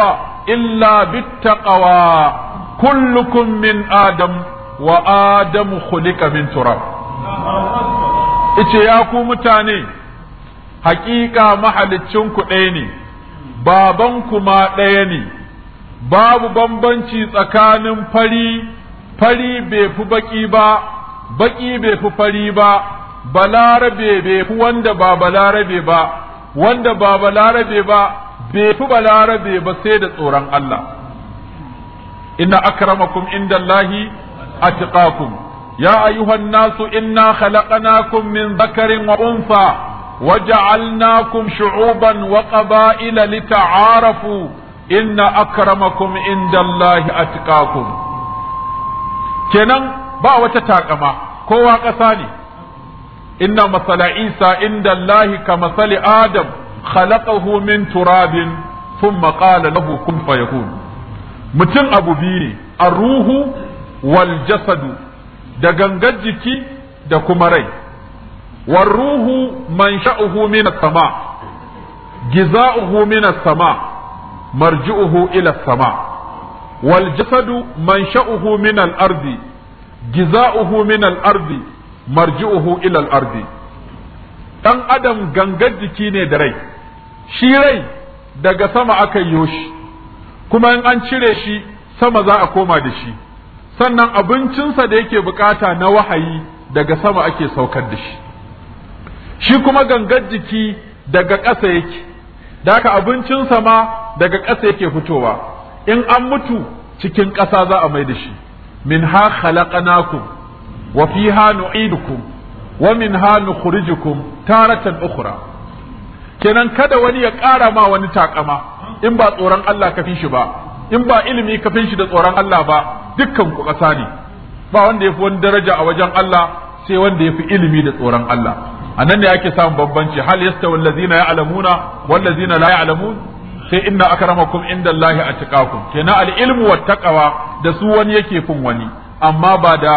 [SPEAKER 1] إلا بالتقوى كلكم من آدم وآدم خلق من تراب إتياكو متاني حقيقة محل تشنكو ديني babanku ma ɗaya ne, babu bambanci tsakanin fari, fari bai fi baƙi ba, baƙi bai fi fari ba balarabe bai fi wanda ba balarabe ba wanda ba balarabe ba bai fi balarabe ba sai da tsoron Allah inna akramakum indallahi atqakum ya ayyuhan nasu inna khalaqnakum min zakarin wa unfa waja'alnakum shu'uban wa qaba'ila lita'arafu inna akramakum indallahi atqakum kenan ba wata takama kowa ƙasa ne inna masala isa inda allahi ka masali adam khalaqahu min turabin thumma qala lahu kun fayakun mutum abu biyu ne ruhu wal jasadu da gangar jiki da kuma rai war ruhu man sha'uhu min sama giza'uhu min sama marji'uhu ila sama wal jasadu man sha'uhu min al giza'uhu min al-ardi marji'uhu ila al-ardi dan adam gangar jiki ne da rai shi rai daga sama aka yi shi kuma in an cire shi sama za a koma da shi sannan abincinsa da yake bukata na wahayi daga sama ake saukar da shi shi kuma gangar jiki daga ƙasa yake da haka abincinsa ma daga ƙasa yake fitowa in an mutu cikin ƙasa za a mai da shi منها خلقناكم وفيها نعيدكم ومنها نخرجكم تارة أخرى kenan kada wani ya ƙara ma wani takama in ba tsoron Allah ka fi shi ba in ba ilimi ka fi shi da tsoron Allah ba dukkan ku ƙasa ne ba wanda ya fi wani daraja a wajen Allah sai wanda ya fi ilimi da tsoron Allah a nan ne ake samun bambanci hal yasta wallazina ya'lamuna wallazina la ya'lamun sai inna akramakum indallahi atqakum kenan al’ilmu ilmu wat da su wani yake fin wani amma ba da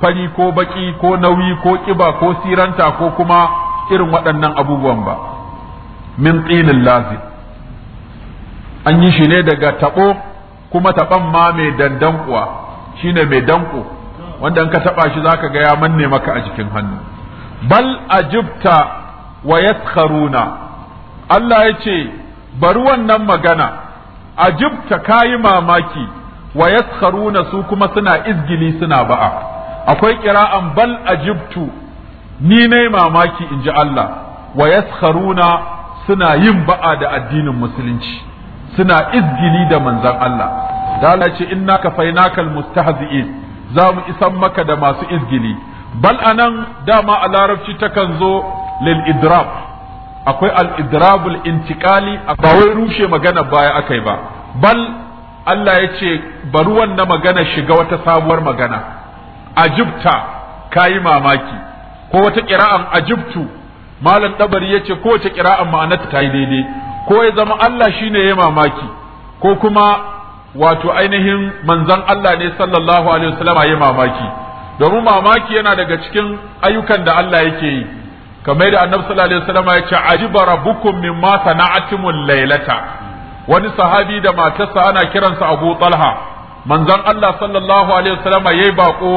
[SPEAKER 1] fari ko baƙi ko nauyi ko ƙiba ko siranta ko kuma irin waɗannan abubuwan ba min tsinin lazi an yi shi ne daga taɓo kuma taɓan ma mai dandankuwa shine mai danko wanda ka taɓa shi zaka ga ya manne maka a jikin hannu bal ajibta wa yaskharuna Allah ya ce bari wannan magana ajibta kayi mamaki wa yaskharuna su kuma suna izgili suna ba'a akwai kira'an bal a jibtu ni ne mamaki in ji Allah wa suna yin ba'a da addinin musulunci suna izgili da manzan Allah da Allah ce inna kafainakal mustahzi'in za mu isan maka da masu izgili bal anan dama a larabci takan zo lil idrab akwai al-idrabul intiqali ba wai rushe magana baya akai ba bal Allah ya ce bari wannan magana shiga wata sabuwar magana ajibta kayi mamaki ko wata ƙira'an ajibtu malam dabari ya ce ko wata kira'an ma'anarta ta yi daidai ko ya zama Allah shine ya mamaki ko kuma wato ainihin manzon Allah ne sallallahu alaihi wasallama ya mamaki domin mamaki yana daga cikin ayyukan da Allah yake yi kamar da annabi sallallahu alaihi wasallam ya ce ajiba rabbukum mimma sana'atumul lailata wani sahabi da matarsa ana kiransa Abu Talha manzon Allah sallallahu alaihi wasallam yayi bako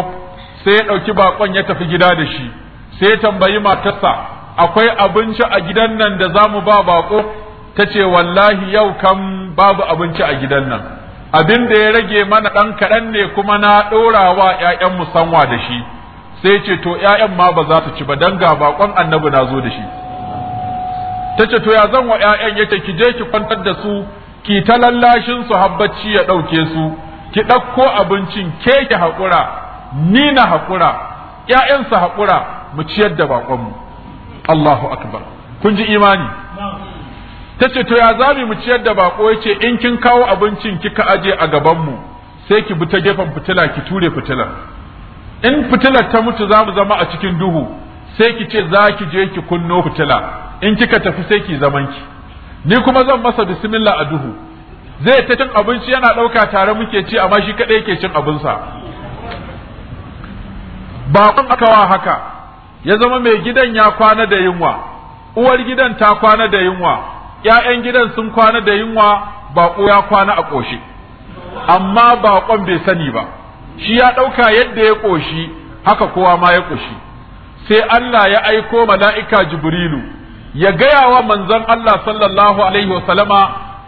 [SPEAKER 1] sai ya dauki bakon ya tafi gida da shi sai ya tambayi matarsa akwai abinci a gidan nan da zamu ba bako tace wallahi yau kam babu abinci a gidan nan abin da ya rage mana dan kaɗan ne kuma na ɗorawa 'ya'yan mu da shi sai ce to ƴaƴan ma ba za ta ci ba dan ga bakon annabi na zo da shi ta ce to ya zan wa ƴaƴan yake ki je ki kwantar da su ki ta lallashin su habbaci ya ɗauke su ki ɗauko abincin ke ki haƙura ni na haƙura ƴaƴan su haƙura mu ciyar da baƙonmu Allahu akbar kun ji imani ta ce to ya za mu ciyar da baƙo yace in kin kawo abincin kika aje a gabanmu sai ki bi ta gefen fitila ki ture fitilar in fitilar ta mutu za mu zama a cikin duhu sai ki ce za ki je ki kunno fitila in kika tafi sai ki zaman ki ni kuma zan masa bismillah a duhu zai ta cin abinci yana ɗauka tare muke ci amma shi kaɗai yake cin abinsa ba kun akawa haka ya zama mai gidan ya kwana da yunwa uwar gidan ta kwana da yunwa ‘ya'yan gidan sun kwana da yunwa baƙo ya kwana a ƙoshi amma baƙon bai sani ba shi ya ɗauka yadda ya ƙoshi haka kowa ma ya ƙoshi sai Allah ya aiko mala'ika Jibrilu ya gaya wa manzon Allah sallallahu alaihi wasallama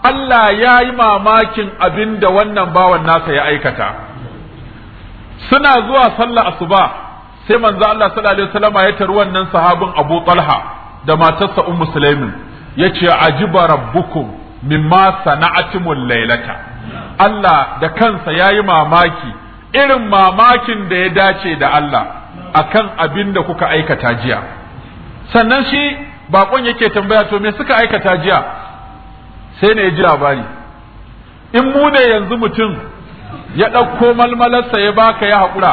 [SPEAKER 1] Allah ya yi mamakin abinda wannan bawan nasa ya aikata suna zuwa sallah asuba sai manzon Allah sallallahu alaihi ya taru wannan sahabin Abu Talha da matarsa Ummu Sulaimin yace ajiba rabbukum mimma sana'atumul lailata Allah da kansa ya yi mamaki irin mamakin da ya dace da Allah a kan abin da kuka aikata jiya sannan shi bakon yake tambaya to me suka aikata jiya sai ne ya ji labari in mu ne yanzu mutum ya ɗauko malmalarsa ya baka ya haƙura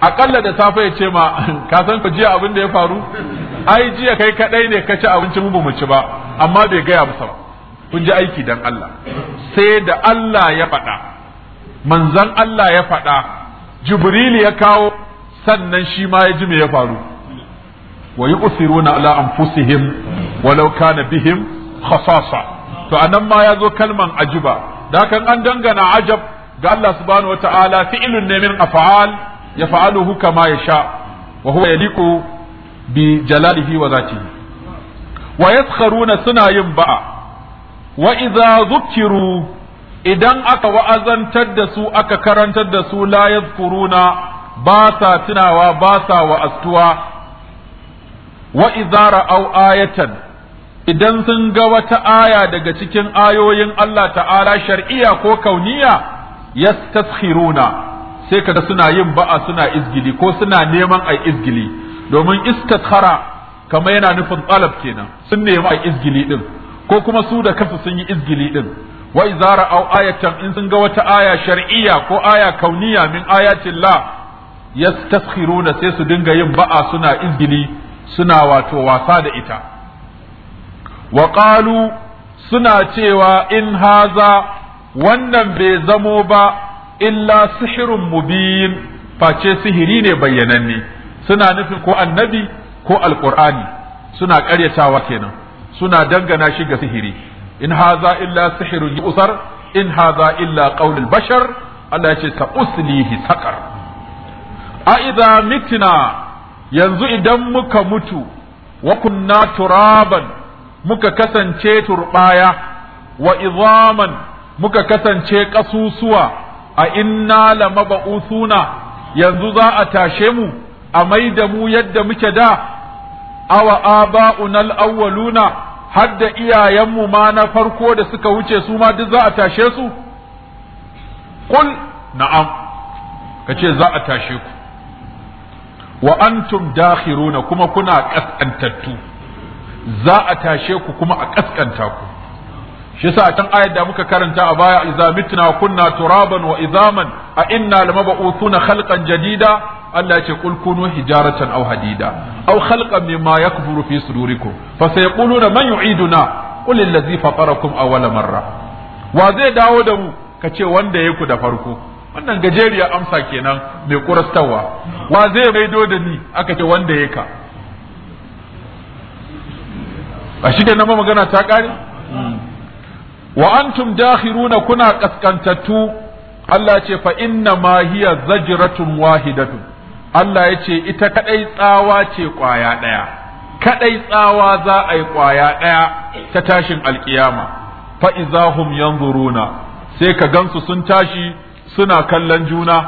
[SPEAKER 1] aƙalla da safe ya ce ma ka san ku jiya abin da ya faru ai jiya kai kaɗai ne ka ci abinci mu mu ci ba amma bai gaya musa ba kun ji aiki don Allah sai da Allah ya faɗa manzon Allah ya faɗa jibril ya kawo sannan shi ma ya ji me ya faru wa yuqsiruna ala anfusihim walau kana bihim khasasa to anan ma ya zo kalman ajiba Dakan an dangana ajab ga Allah subhanahu wataala fi'ilun ne min af'al yaf'aluhu kama yasha wa huwa yaliqu bi jalalihi wa zatihi wa yaskharuna suna yin ba'a wa idza dhukiru idan aka wa'azantar da su aka karantar da su la yadhkuruna ba sa tunawa ba sa wa'astuwa wa idza au ayatan idan sun ga wata aya daga cikin ayoyin Allah ta'ala shar'iyya ko kauniya yastaskhiruna sai kada suna yin ba'a suna izgili ko suna neman ai izgili domin istakhara kamar yana nufin talab kenan sun nemi ai izgili din ko kuma su da kansu sun yi izgili din wa zara au ayatan in sun ga wata aya shar'iyya ko aya kauniya min ayatillah yastaskhiruna sai su dinga yin ba'a suna izgili suna wato wasa da ita wa qalu suna cewa in haza wannan bai zamo ba illa sihirun mubin face sihiri ne bayyananne suna nufin ko annabi ko alqur'ani suna ƙaryatawa kenan suna dangana shi ga sihiri in haza illa sihirun usar. in haza illa qaulul bashar Allah ya ce ta uslihi saƙar. a idza mitina yanzu idan muka mutu wa kunna turaban muka kasance turbaya wa izaman muka kasance ƙasusuwa a inna lamab'usuna yanzu za a tashe mu a da mu yadda muke da awa aba'unal awwaluna har da iyayenmu ma na farko da suka wuce su ma duk za a tashe su qul na'am ce za a tashe ku wa antum dakhiruna kuma kuna kaskantattu za a tashe ku kuma a ƙasƙanta ku shi yasa can ayar da muka karanta a baya idza mitna kunna turaban wa izaman a inna lamab'uthuna khalqan jadida Allah ce qul kunu hijaratan aw hadida aw khalqan mimma yakburu fi sudurikum fa sayquluna man yu'iduna qul allazi faqarakum awwala marra wa zai dawo da mu kace wanda ya ku da farko wannan gajeriya amsa kenan mai kurastawa wa zai maido da ni aka ce wanda ya ka A shi kenan ma magana ta kare wa antum dakhiruna kuna kaskantattu Allah ce fa inna ma hiya zajratun wahidatun Allah ya ce ita kaɗai tsawa ce ƙwaya ɗaya. kaɗai tsawa za a yi ƙwaya ɗaya ta tashin alƙiyama. fa'izahum izahum yanzuruna sai ka gansu sun tashi suna kallon juna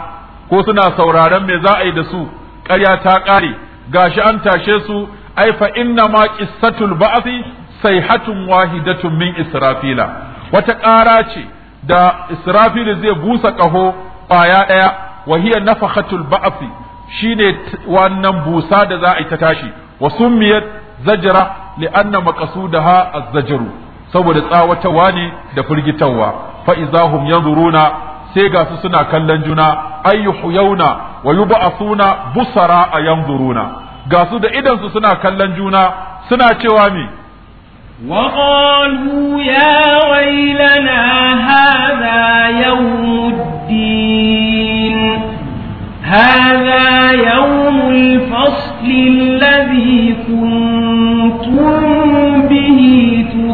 [SPEAKER 1] ko suna sauraron me za a yi da su ƙarya ta ƙare gashi an tashe su ai fa inna ma baafi sai sayhatun wahidatun min israfila wata ƙara ce da israfil zai busa ƙaho ƙwaya ɗaya wa hiya nafakhatul shine wannan busa da za a yi ta tashi wa summiyat zajra li anna maqsudaha az-zajru saboda tsawatawa ne da firgitarwa fa izahum yanzuruna sai ga su suna kallon juna ayyuhu yauna wa yub'athuna busara a yanzuruna ga su da idan su suna kallon juna suna cewa me
[SPEAKER 3] وقالوا يا ويلنا هذا يوم
[SPEAKER 2] هذا
[SPEAKER 3] يوم الفصل الذي كنتم به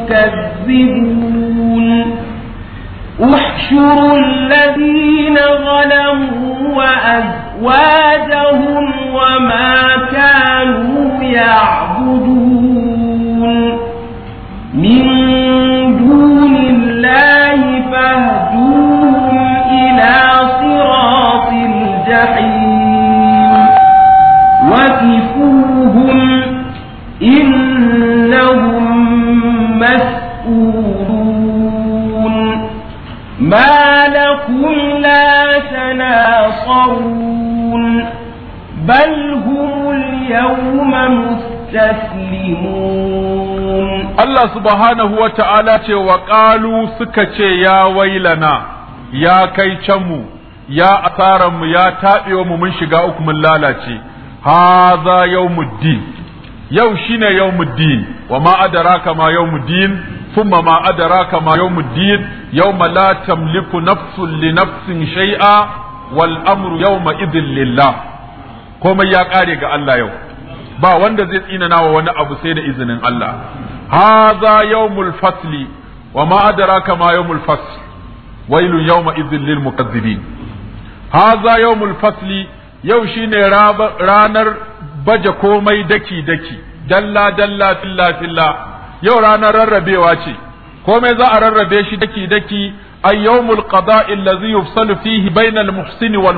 [SPEAKER 3] تكذبون احشروا الذين ظلموا وأزواجهم وما كانوا يعبدون ينصرون بل هم اليوم مستسلمون الله
[SPEAKER 1] سبحانه وتعالى وقالوا سكتي يا ويلنا يا كيشمو يا أثارم يا تابي ومن شقاؤكم اللالاتي هذا يوم الدين yau shine yawmuddin wa ma adraka ma yawmuddin thumma ma adraka ma yawmuddin yawma la tamliku nafsun li nafsin shay'a Wal'amru amru yawma idin komai ya kare ga Allah yau ba wanda zai tsinana wa wani abu sai da izinin Allah haza yawmul fasli wa ma adraka ma yawmul fasl Wailu yawma idin lil mukazzibin hadha yawmul fasli yau shine ranar baje komai daki daki dalla dalla filla filla yau ranar rarrabewa ce komai za a rarrabe shi daki daki a yawmul qada'i allazi yufsalu fihi bainal muhsini wal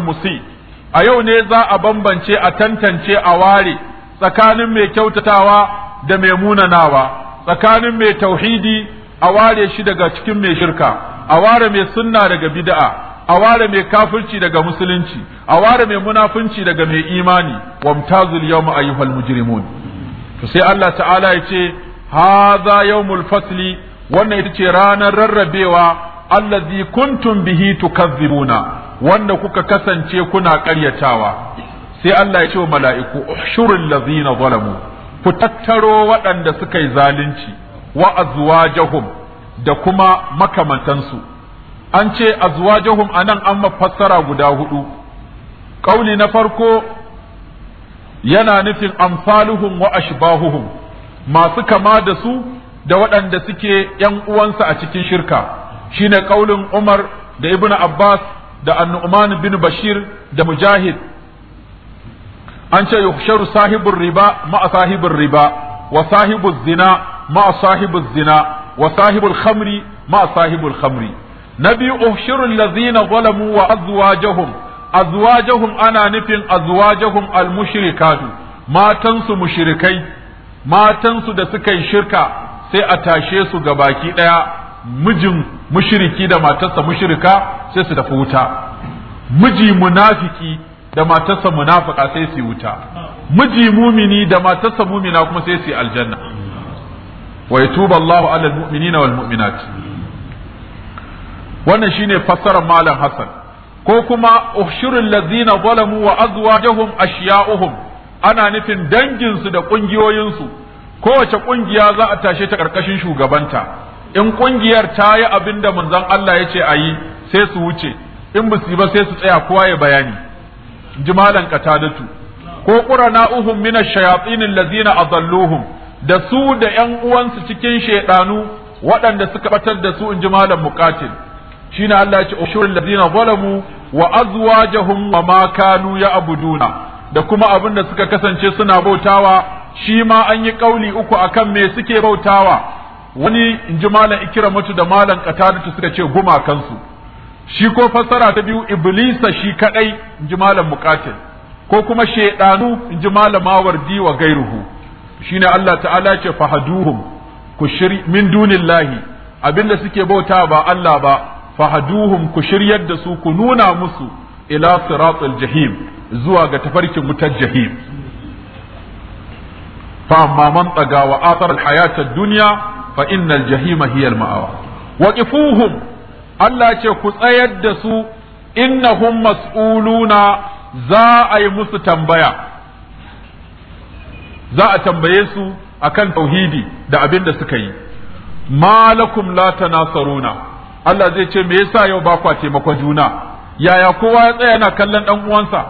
[SPEAKER 1] a yau ne za a bambance a tantance a ware tsakanin mai kyautatawa da mai munanawa tsakanin mai tauhidi a ware shi daga cikin mai shirka a ware mai sunna daga bid'a a ware mai kafirci daga musulunci a ware mai munafunci daga mai imani wamtazul yawma ayyuhal mujrimun to sai Allah ta'ala ya ce hadha yawmul fasli wannan ita ce ranar rarrabewa allazi kuntum bihi tukazzibuna wanda kuka kasance kuna ƙaryatawa sai Allah ya ce wa mala'iku ushurul ladzina zalamu ku tattaro waɗanda suka yi zalunci wa azwajahum da kuma makamantansu an ce azwajahum anan an mafassara guda hudu kauli na farko yana nufin amsaluhum wa ashbahuhum masu kama da su da waɗanda suke ‘yan uwansa a cikin shirka shine kaulin Umar da Ibn Abbas da An-Nu'man bin Bashir da Mujahid an ce yuhsharu sahibur riba ma'a sahibur riba wa sahibuz zina ma'a sahibuz zina wa sahibul khamri ma'a sahibul khamri nabi uhshiru allazina zalamu wa azwajahum azwajahum ana nufin azwajahum almushrikatu matansu mushrikai matansu da suka yi shirka sai a tashe su ga baki daya mijin mushriki da matarsa mushrika sai su tafi wuta miji munafiki da matarsa munafika sai su wuta miji mumini da matarsa mumina kuma sai su aljanna wa yatuba Allahu ala almu'minina wal mu'minat wannan shine fassarar malam Hassan ko kuma ushurul ladina zalamu wa azwajuhum ashiya'uhum ana nufin danginsu da kungiyoyinsu kowace kungiya za a tashe ta karkashin shugabanta in kungiyar ta yi abin da manzon Allah ya ce a yi sai su wuce in ba su ba sai su tsaya kowa ya bayani jimalan qatadatu ko qurana uhum min ash-shayatin allazina adalluhum da su da ƴan uwansu cikin shaydanu waɗanda suka batar da su in jimalan muqatil shine Allah ya ce ushurul ladina zalamu wa azwajuhum wa ma kanu ya'buduna da kuma abin da suka kasance suna bautawa shi ma an yi kauli uku akan me suke bautawa wani in ji malam mutu da malam qatadatu suka ce gumakansu shi ko fassara ta biyu iblisa shi kadai in ji malam muqatil ko kuma shaidanu in ji malamawar di wa gairuhu shine Allah ta'ala ce fahaduhum ku shiri min dunillahi abinda suke bauta ba Allah ba fahaduhum ku shiryar da su ku nuna musu ila siratul jahim zuwa ga tafarkin wutar jahim fa amma man tsaga wa asarar hayatar duniya. fa innal jahima hiya al ma'awa waqifuhum Allah ce ku tsayar da su innahum mas'uluna za a yi musu tambaya za a tambaye su akan tauhidi da abin da suka yi malakum la tanasaruna Allah zai ce me yasa yau ba kwa taimakon juna yaya kowa ya tsaya yana kallon dan uwansa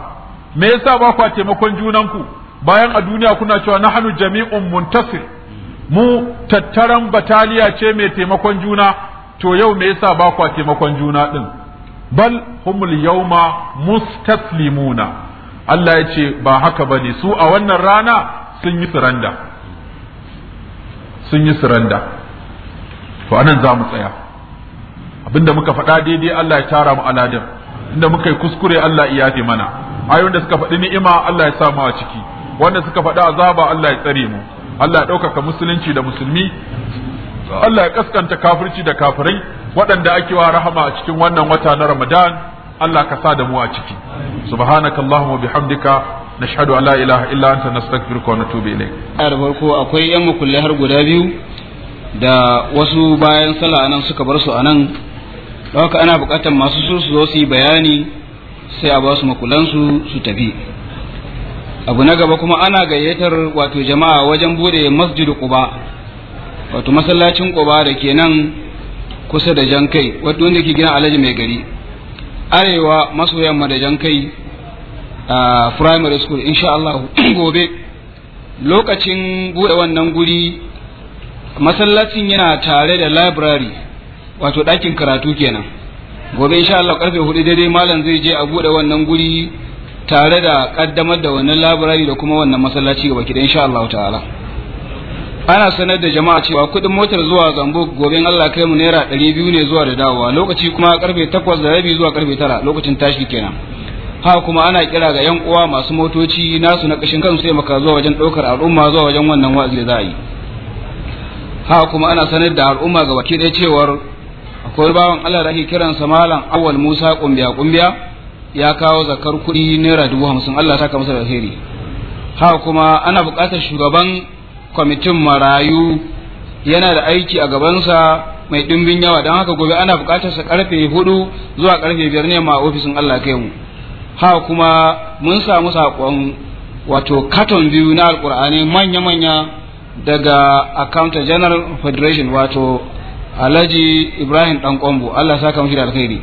[SPEAKER 1] me yasa ba kwa taimakon junanku bayan a duniya kuna cewa nahnu jami'un muntasir mu tattaran bataliya ce mai taimakon juna to yau me yasa ba kwa taimakon juna din bal humul yawma mustaslimuna Allah ya ce ba haka bane su a wannan rana sun yi suranda sun yi suranda to anan za mu tsaya abinda muka faɗa daidai Allah ya tara mu aladin inda muka yi kuskure Allah ya yafe mana ayoyin da suka faɗi ni'ima Allah ya sa mu a ciki wanda suka faɗi azaba Allah ya tsare mu Allah ya ɗaukaka musulunci da musulmi Allah ya kaskanta kafirci da kafirai waɗanda ake wa rahama a cikin wannan wata na Ramadan Allah ka sa da mu a ciki subhanaka allahumma bihamdika nashhadu an la ilaha illa anta nastaghfiruka wa natubu ilayk
[SPEAKER 5] ayar farko akwai yan mukulle har guda biyu da wasu bayan sallah anan suka bar su anan Dauka ana bukatar masu su zo su yi bayani sai a ba su makulansu su tafi abu na gaba kuma ana gayyatar wato jama'a wajen bude masjid quba wato masallacin quba da ke nan kusa da jankai wato wanda ke gina alhaji mai gari arewa maso yamma da jankai a primary school insha Allah gobe lokacin bude wannan guri masallacin yana tare da library wato ɗakin karatu kenan gobe insha Allah karfe hudu daidai malam zai je a bude wannan guri tare da kaddamar da wannan labirari da kuma wannan masallaci gaba kidan insha Allah ta'ala ana sanar da jama'a cewa kudin motar zuwa zambo gobe Allah kai mu naira 200 ne zuwa da dawowa lokaci kuma karfe 8 da rabi zuwa karfe 9 lokacin tashi kenan ha kuma ana kira ga yan uwa masu motoci nasu na kashin kansu sai maka zuwa wajen daukar al'umma zuwa wajen wannan wa'azi da za yi ha kuma ana sanar da al'umma ga baki ɗaya cewar akwai bawan Allah da ake kiransa malam awal Musa kumbiya kumbiya ya kawo zakar kuɗi naira dubu hamsin Allah ta masa da alheri haka kuma ana buƙatar shugaban kwamitin marayu yana da aiki a gabansa mai ɗimbin yawa don haka gobe ana buƙatar sa ƙarfe hudu zuwa ƙarfe biyar ne ma ofisin Allah kai mu haka kuma mun samu saƙon wato katon biyu na alƙur'ani manya-manya daga accountant general federation wato alhaji ibrahim ɗan Allah saka mashi da alheri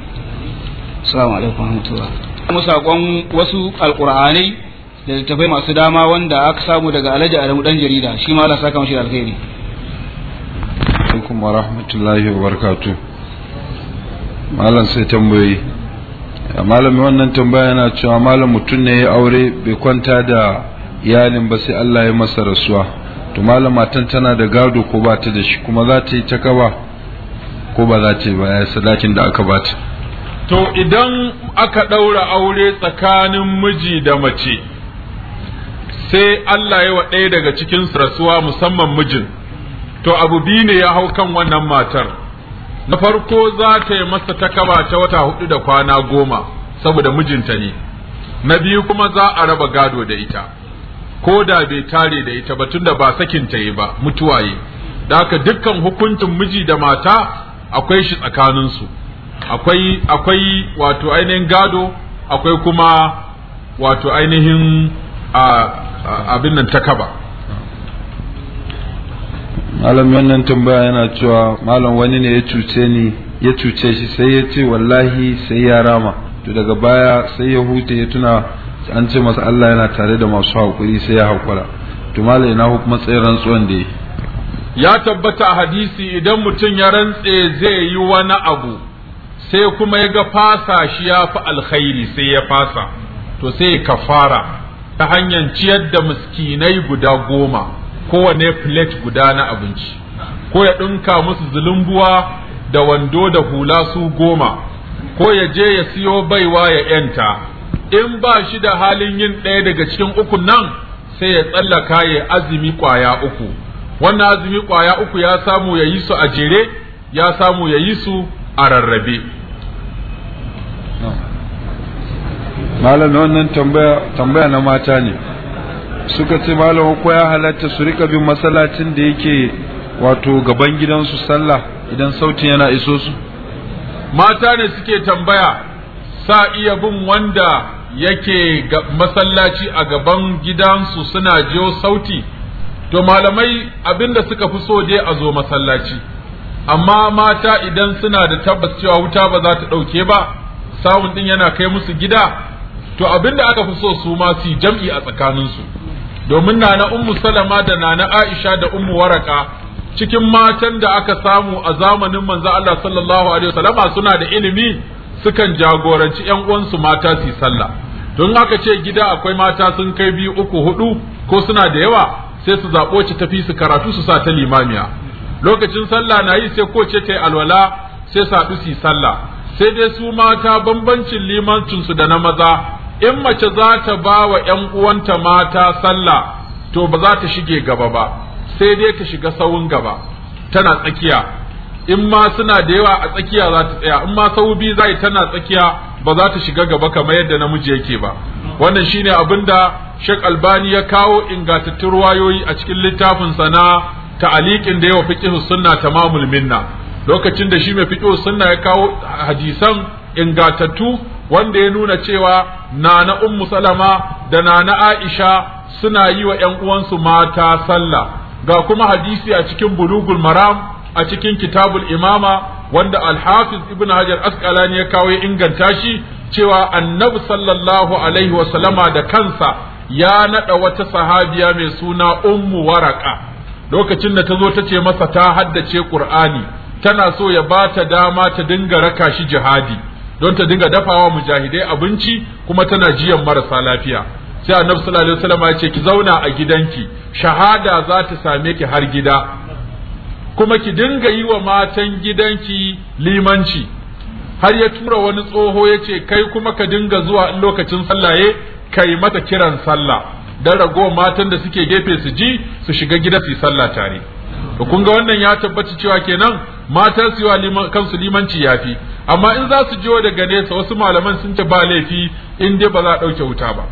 [SPEAKER 5] salamu alaikum rahmatullah musa sakon wasu alqur'anai da tafai masu dama wanda aka samu daga alhaji a dan jarida shi ma Allah saka mashi alkhairi
[SPEAKER 2] alaikum wa rahmatullahi wa barakatuh malam sai tambayi malami wannan tambaya yana cewa malam mutum ne ya aure bai kwanta da iyalin ba sai Allah ya masa rasuwa to malam matan tana da gado ko ba ta da shi kuma za ta yi ta kaba ko ba za ta yi ba ya sadakin da aka bata to idan
[SPEAKER 1] aka ɗaura aure tsakanin miji da mace sai Allah ya wa ɗaya daga cikin rasuwa musamman mijin to abu biyu ne ya hau kan wannan matar na farko za ta yi masa takaba ta wata hudu da kwana goma saboda mijinta ne na biyu kuma za a raba gado da ita ko da bai tare da ita ba tunda ba sakin ta yi ba mutuwaye da haka dukkan hukuncin miji da mata akwai shi tsakaninsu akwai akwai wato ainihin gado akwai kuma wato ainihin abin nan takaba
[SPEAKER 2] malam wannan tambaya yana cewa malam wani ne ya cuce ni ya cuce shi sai ya ce wallahi sai ya rama to daga baya sai ya huta ya tuna an ce masa Allah yana tare da masu haƙuri sai ya haƙura to malam ina hukumar tsayin rantsuwan da
[SPEAKER 1] ya tabbata hadisi idan mutum ya rantse zai yi wani abu sai kuma ya ga fasa shi ya fi alkhairi sai ya fasa to sai kafara ta hanyar ciyar da miskinai guda goma kowane plate guda na abinci ko ya ɗinka musu zulumbuwa da wando da hula su goma ko ya je ya siyo baiwa ya yanta in ba shi da halin yin ɗaya daga cikin uku nan sai ya tsallaka ya azumi kwaya uku wannan azumi kwaya uku ya samu ya yi su a jere ya samu ya yi su a rarrabe
[SPEAKER 2] malam wannan tambaya na mata ne suka ce malam ko ya halatta su rika bin masallacin da yake wato gaban gidansu sallah idan sautin yana iso su mata ne suke tambaya
[SPEAKER 1] sa iya bin wanda yake masallaci a gaban gidansu suna jiyo sauti to malamai abinda suka fi so dai a zo masallaci amma mata idan suna da tabbas cewa wuta ba za ta ɗauke ba sawun ɗin yana kai musu gida to abin da aka fi so su ma su jam'i a tsakaninsu domin nana ummu salama da nana aisha da ummu waraka cikin matan da aka samu a zamanin manzo Allah sallallahu alaihi wasallama suna da ilimi sukan jagoranci ƴan uwansu mata su sallah don aka ce gida akwai mata sun kai biyu uku hudu ko suna da yawa sai su zaɓo ci tafi su karatu su sa ta limamiya lokacin sallah na yi sai kowace ta yi alwala sai saɗu su yi sallah sai dai su mata bambancin limancinsu da na maza in mace za ta ba wa ‘yan uwanta mata sallah to ba za ta shige gaba ba sai dai ta shiga sawun gaba tana tsakiya in ma suna da yawa a tsakiya za ta tsaya in ma sau biyu za tana tsakiya ba za ta shiga gaba kamar yadda namiji yake ba wannan shine abin da Sheikh Albani ya kawo ingantattun ruwayoyi a cikin littafinsa na ta'aliqin da yawa fiqhu sunna tamamul minna lokacin da shi mai fiqhu sunna ya kawo hadisan ingatattu wanda ya nuna cewa nana ummu salama da nana aisha suna yi wa ƴan uwansu mata sallah ga kuma hadisi a cikin bulugul maram a cikin kitabul imama wanda al-hafiz ibn hajar asqalani ya kawo inganta shi cewa annabi sallallahu alaihi wa sallama da kansa ya nada wata sahabiya mai suna ummu waraka lokacin da ta zo ta ce masa ta haddace qur'ani tana so ya ba ta dama ta dinga raka shi jihadi don ta dinga dafawa mujahidai abinci kuma tana jiyan marasa lafiya sai annabi sallallahu alaihi wasallam ya ce ki zauna a gidanki shahada za ta same ki har gida kuma ki dinga yi wa matan gidanki limanci har ya tura wani tsoho ya ce kai kuma ka dinga zuwa in lokacin sallaye kai mata kiran sallah dan ragowa matan da suke gefe su ji su shiga gida su yi sallah tare to kun ga wannan ya tabbaci cewa kenan mata su yi kansu limanci yafi amma in za su jiwo daga nesa wasu malaman sun ce ba laifi in dai ba za a ɗauke wuta ba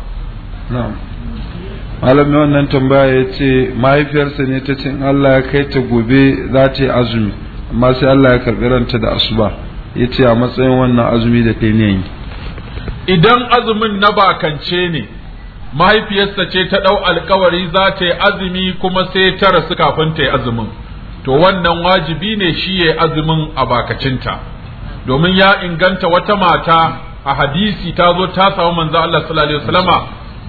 [SPEAKER 2] malamin wannan tambaya ya ce mahaifiyarsa ne ta cin Allah ya kai ta gobe za ta yi azumi amma sai Allah ya karɓi ranta da asuba ya ce a matsayin wannan azumi da ta yi
[SPEAKER 1] idan azumin na bakance ne mahaifiyarsa ce ta ɗau alkawari za ta yi azumi kuma sai ta rasu kafin ta yi azumin to wannan wajibi ne shi ya yi azumin a bakacinta domin ya inganta wata mata a hadisi ta zo ta samu manzo Allah sallallahu alaihi wasallama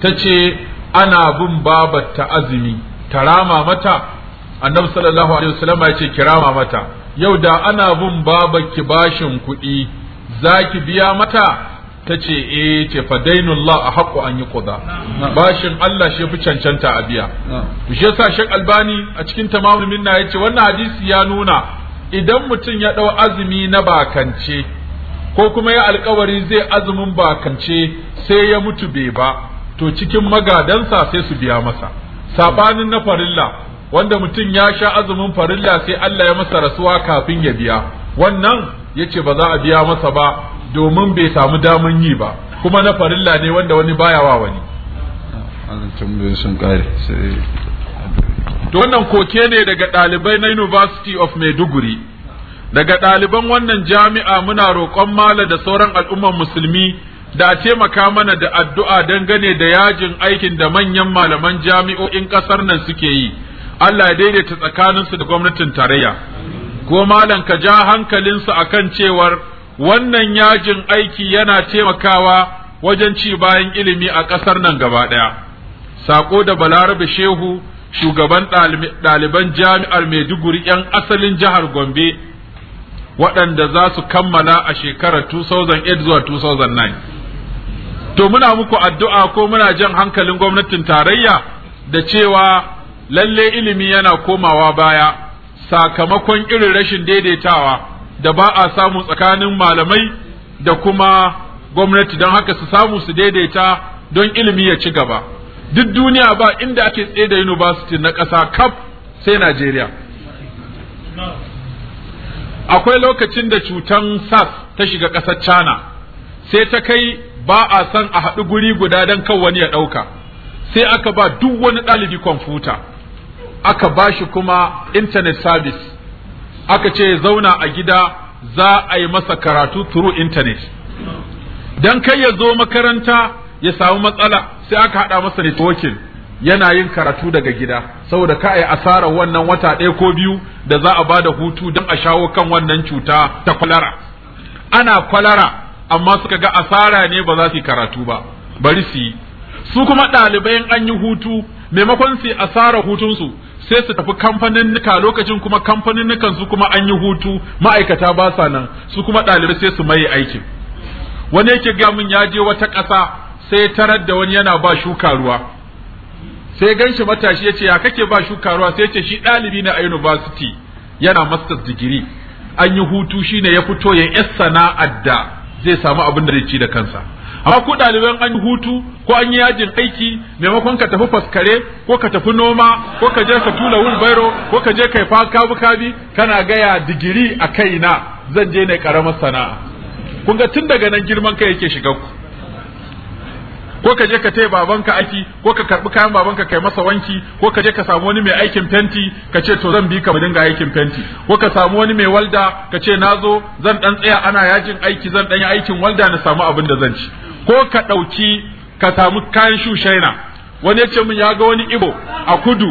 [SPEAKER 1] ta ce ana bin babar ta azumi tarama mata annabi sallallahu alaihi wasallama ya ce kirama mata yau da ana bin ki bashin kuɗi zaki biya mata ta ce e ce fa a haƙo an yi kuda bashin Allah shi fi cancanta a biya to shi yasa Sheikh Albani a cikin tamamul minna yace wannan hadisi ya nuna idan mutum ya dau azumi na bakance ko kuma ya alkawari zai azumin bakance sai ya mutu bai ba to cikin magadansa sai su biya masa sabanin na farilla wanda mutum ya sha azumin farilla sai Allah ya masa rasuwa kafin ya biya wannan yace ba za a biya masa ba domin bai samu damun yi ba kuma na farilla ne wanda wani baya wa wani wannan koke ne daga ɗalibai na University of Maiduguri daga ɗaliban wannan jami'a muna roƙon mala da sauran al'ummar musulmi da a taimaka mana da addu'a dangane da yajin aikin da manyan malaman jami'o'in ƙasar nan suke yi Allah ya daidaita tsakaninsu da gwamnatin tarayya ko malam ka ja hankalinsu akan cewar wannan yajin aiki yana taimakawa wajen ci bayan ilimi a ƙasar nan gaba ɗaya saƙo da balarabe shehu shugaban ɗaliban jami'ar maiduguri 'yan asalin jihar gombe waɗanda za su kammala a shekarar 2008 zuwa 2009 to muna muku addu'a ko muna jan hankalin gwamnatin tarayya da cewa lalle ilimi yana komawa baya sakamakon irin rashin daidaitawa da ba a samu tsakanin malamai da kuma gwamnati don haka su samu su daidaita don ilimi ya ci gaba duk duniya ba inda ake tsaye da university na ƙasa kaf sai Najeriya akwai lokacin da cutan SARS ta shiga ƙasar China sai ta kai ba a san a haɗu guri guda don kan wani ya ɗauka sai aka ba duk wani ɗalibi kwamfuta aka ba shi kuma internet service aka ce zauna a gida za a yi masa karatu through internet dan kai ya zo makaranta ya samu matsala sai aka haɗa masa networking yana yin karatu daga gida saboda ka yi asara wannan wata ɗaya ko biyu da za a bada hutu don a shawo kan wannan cuta ta kwalara ana kwalara amma suka ga asara ne ba za su yi karatu ba bari su yi su kuma ɗalibai an yi hutu maimakon su asara hutunsu sai su tafi kamfanin nuka lokacin kuma kamfanin nukan su kuma an yi hutu ma'aikata ba sa nan su kuma ɗalibai sai su maye aikin wani yake ga mun ya je wata ƙasa sai tarar da wani yana ba shuka ruwa sai ganshi matashi yace ya kake ba shuka ruwa sai yace shi ɗalibi na a university yana masters degree an yi hutu shine ya fito ya yar sana'ar da zai samu abin da zai ci da kansa amma ku ɗaliban an hutu ko an yi yajin aiki maimakon ka tafi faskare ko ka tafi noma ko ka je ka tula wulbairo ko ka je kai kabi kabi kana gaya digiri a kaina zan je ne karamar sana'a kun ga tun daga nan girman kai yake shiga ku ko ka je ka taya babanka aiki ko ka karbi kayan babanka kai masa wanki ko ka je ka samu wani mai aikin fenti ka ce to zan bi ka mu dinga aikin fenti ko ka samu wani mai walda ka ce nazo zan dan tsaya ana yajin aiki zan dan yi aikin walda na samu abin da zan ci ko ka ɗauki ka samu kayan shushaina wani ya ce min ya ga wani ibo a kudu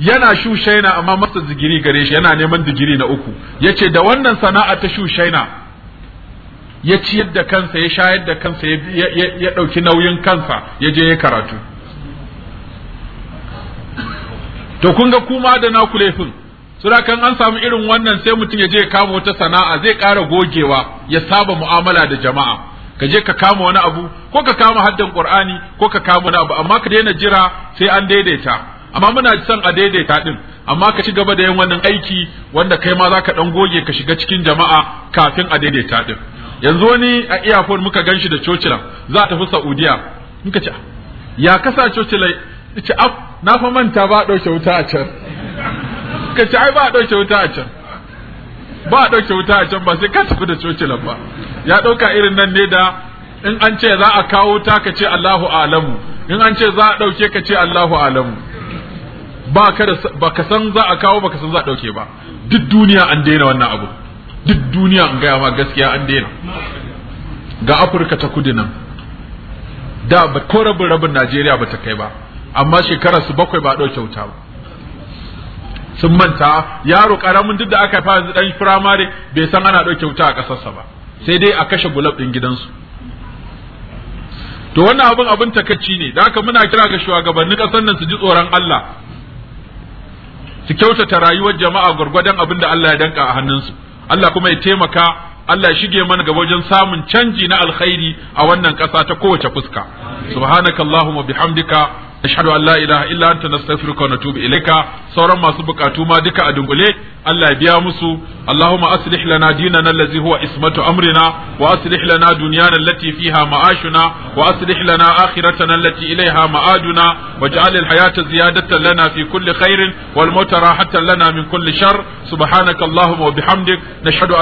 [SPEAKER 1] yana shushaina amma masa digiri gare shi yana neman digiri na uku yace da wannan sana'a ta shushaina ya ciyar da kansa ya shayar da kansa ya ɗauki nauyin kansa ya je ya karatu to kun ga kuma da naku laifin sura kan an samu irin wannan sai mutum ya je ya kama wata sana'a zai ƙara gogewa ya saba mu'amala da jama'a ka je ka kama wani abu ko ka kama haddan qur'ani ko ka kama wani abu amma ka daina jira sai an daidaita amma muna son a daidaita din amma ka ci gaba da yin wannan aiki wanda kai ma ka dan goge ka shiga cikin jama'a kafin a daidaita din yanzu wani a iyafon muka ganshi da cocila za a tafi saudiya muka ce ah, ya kasa cocilan ce af ah, na fa manta ba a ɗauke wuta a can ka ce ai ba a ɗauke wuta a can ba a ɗauke wuta a can ba sai ka tafi da cocila ba ya ɗauka irin nan ne da in an ce za a kawo ta ka ce Allahu alamu in an ce za a ɗauke ka ce Allahu alamu ba ka san za a kawo ba ka san za a ɗauke ba duk duniya an daina wannan abu duk duniya an gaya ma gaskiya an daina ga afirka ta kudu nan da ba ko rabin rabin najeriya ba ta kai ba amma shekara su bakwai ba ɗauke wuta ba sun manta yaro karamin duk da aka fa yanzu dan firamare bai san ana ɗauke wuta a ƙasarsa ba sai dai a kashe gulab ɗin gidansu to wannan abin abin takacci ne da haka muna kira ga shugabannin ƙasar nan su ji tsoron Allah su kyautata rayuwar jama'a gwargwadon abin da Allah ya danka a hannunsu Allah kuma ya taimaka Allah ya shige mana ga wajen samun canji na alkhairi a wannan ƙasa ta kowace fuska subhanakallahumma bihamdika ashhadu an la ilaha illa anta nastaghfiruka wa natubu ilaika sauran masu bukatu ma duka a dungule Allah ya biya musu Allahumma aslih lana dinana allazi huwa ismatu amrina wa aslih lana dunyana allati fiha ma'ashuna wa aslih lana akhiratana allati ilayha ma'aduna waj'al al-hayata ziyadatan lana fi kulli khairin wal mauta rahatan lana min kulli shar subhanaka allahumma wa bihamdik nashhadu